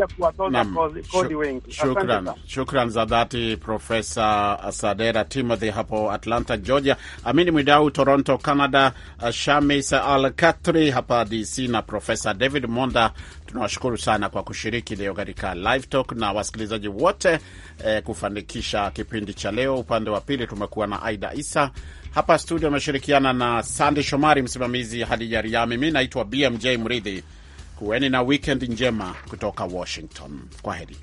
shukran za dhati Profesa Sadera Timothy hapo Atlanta, Georgia, Amini Mwidau Toronto, Canada, uh, Shamis Al Katri hapa DC na Profesa David Monda. Tunawashukuru sana kwa kushiriki leo katika Live Talk na wasikilizaji wote eh, kufanikisha kipindi cha leo. Upande wa pili tumekuwa na Aida Isa hapa studio ameshirikiana na Sande Shomari, msimamizi Hadija Riami. Mi naitwa BMJ Mridhi. Kuweni na wikend njema kutoka Washington. Kwa heri.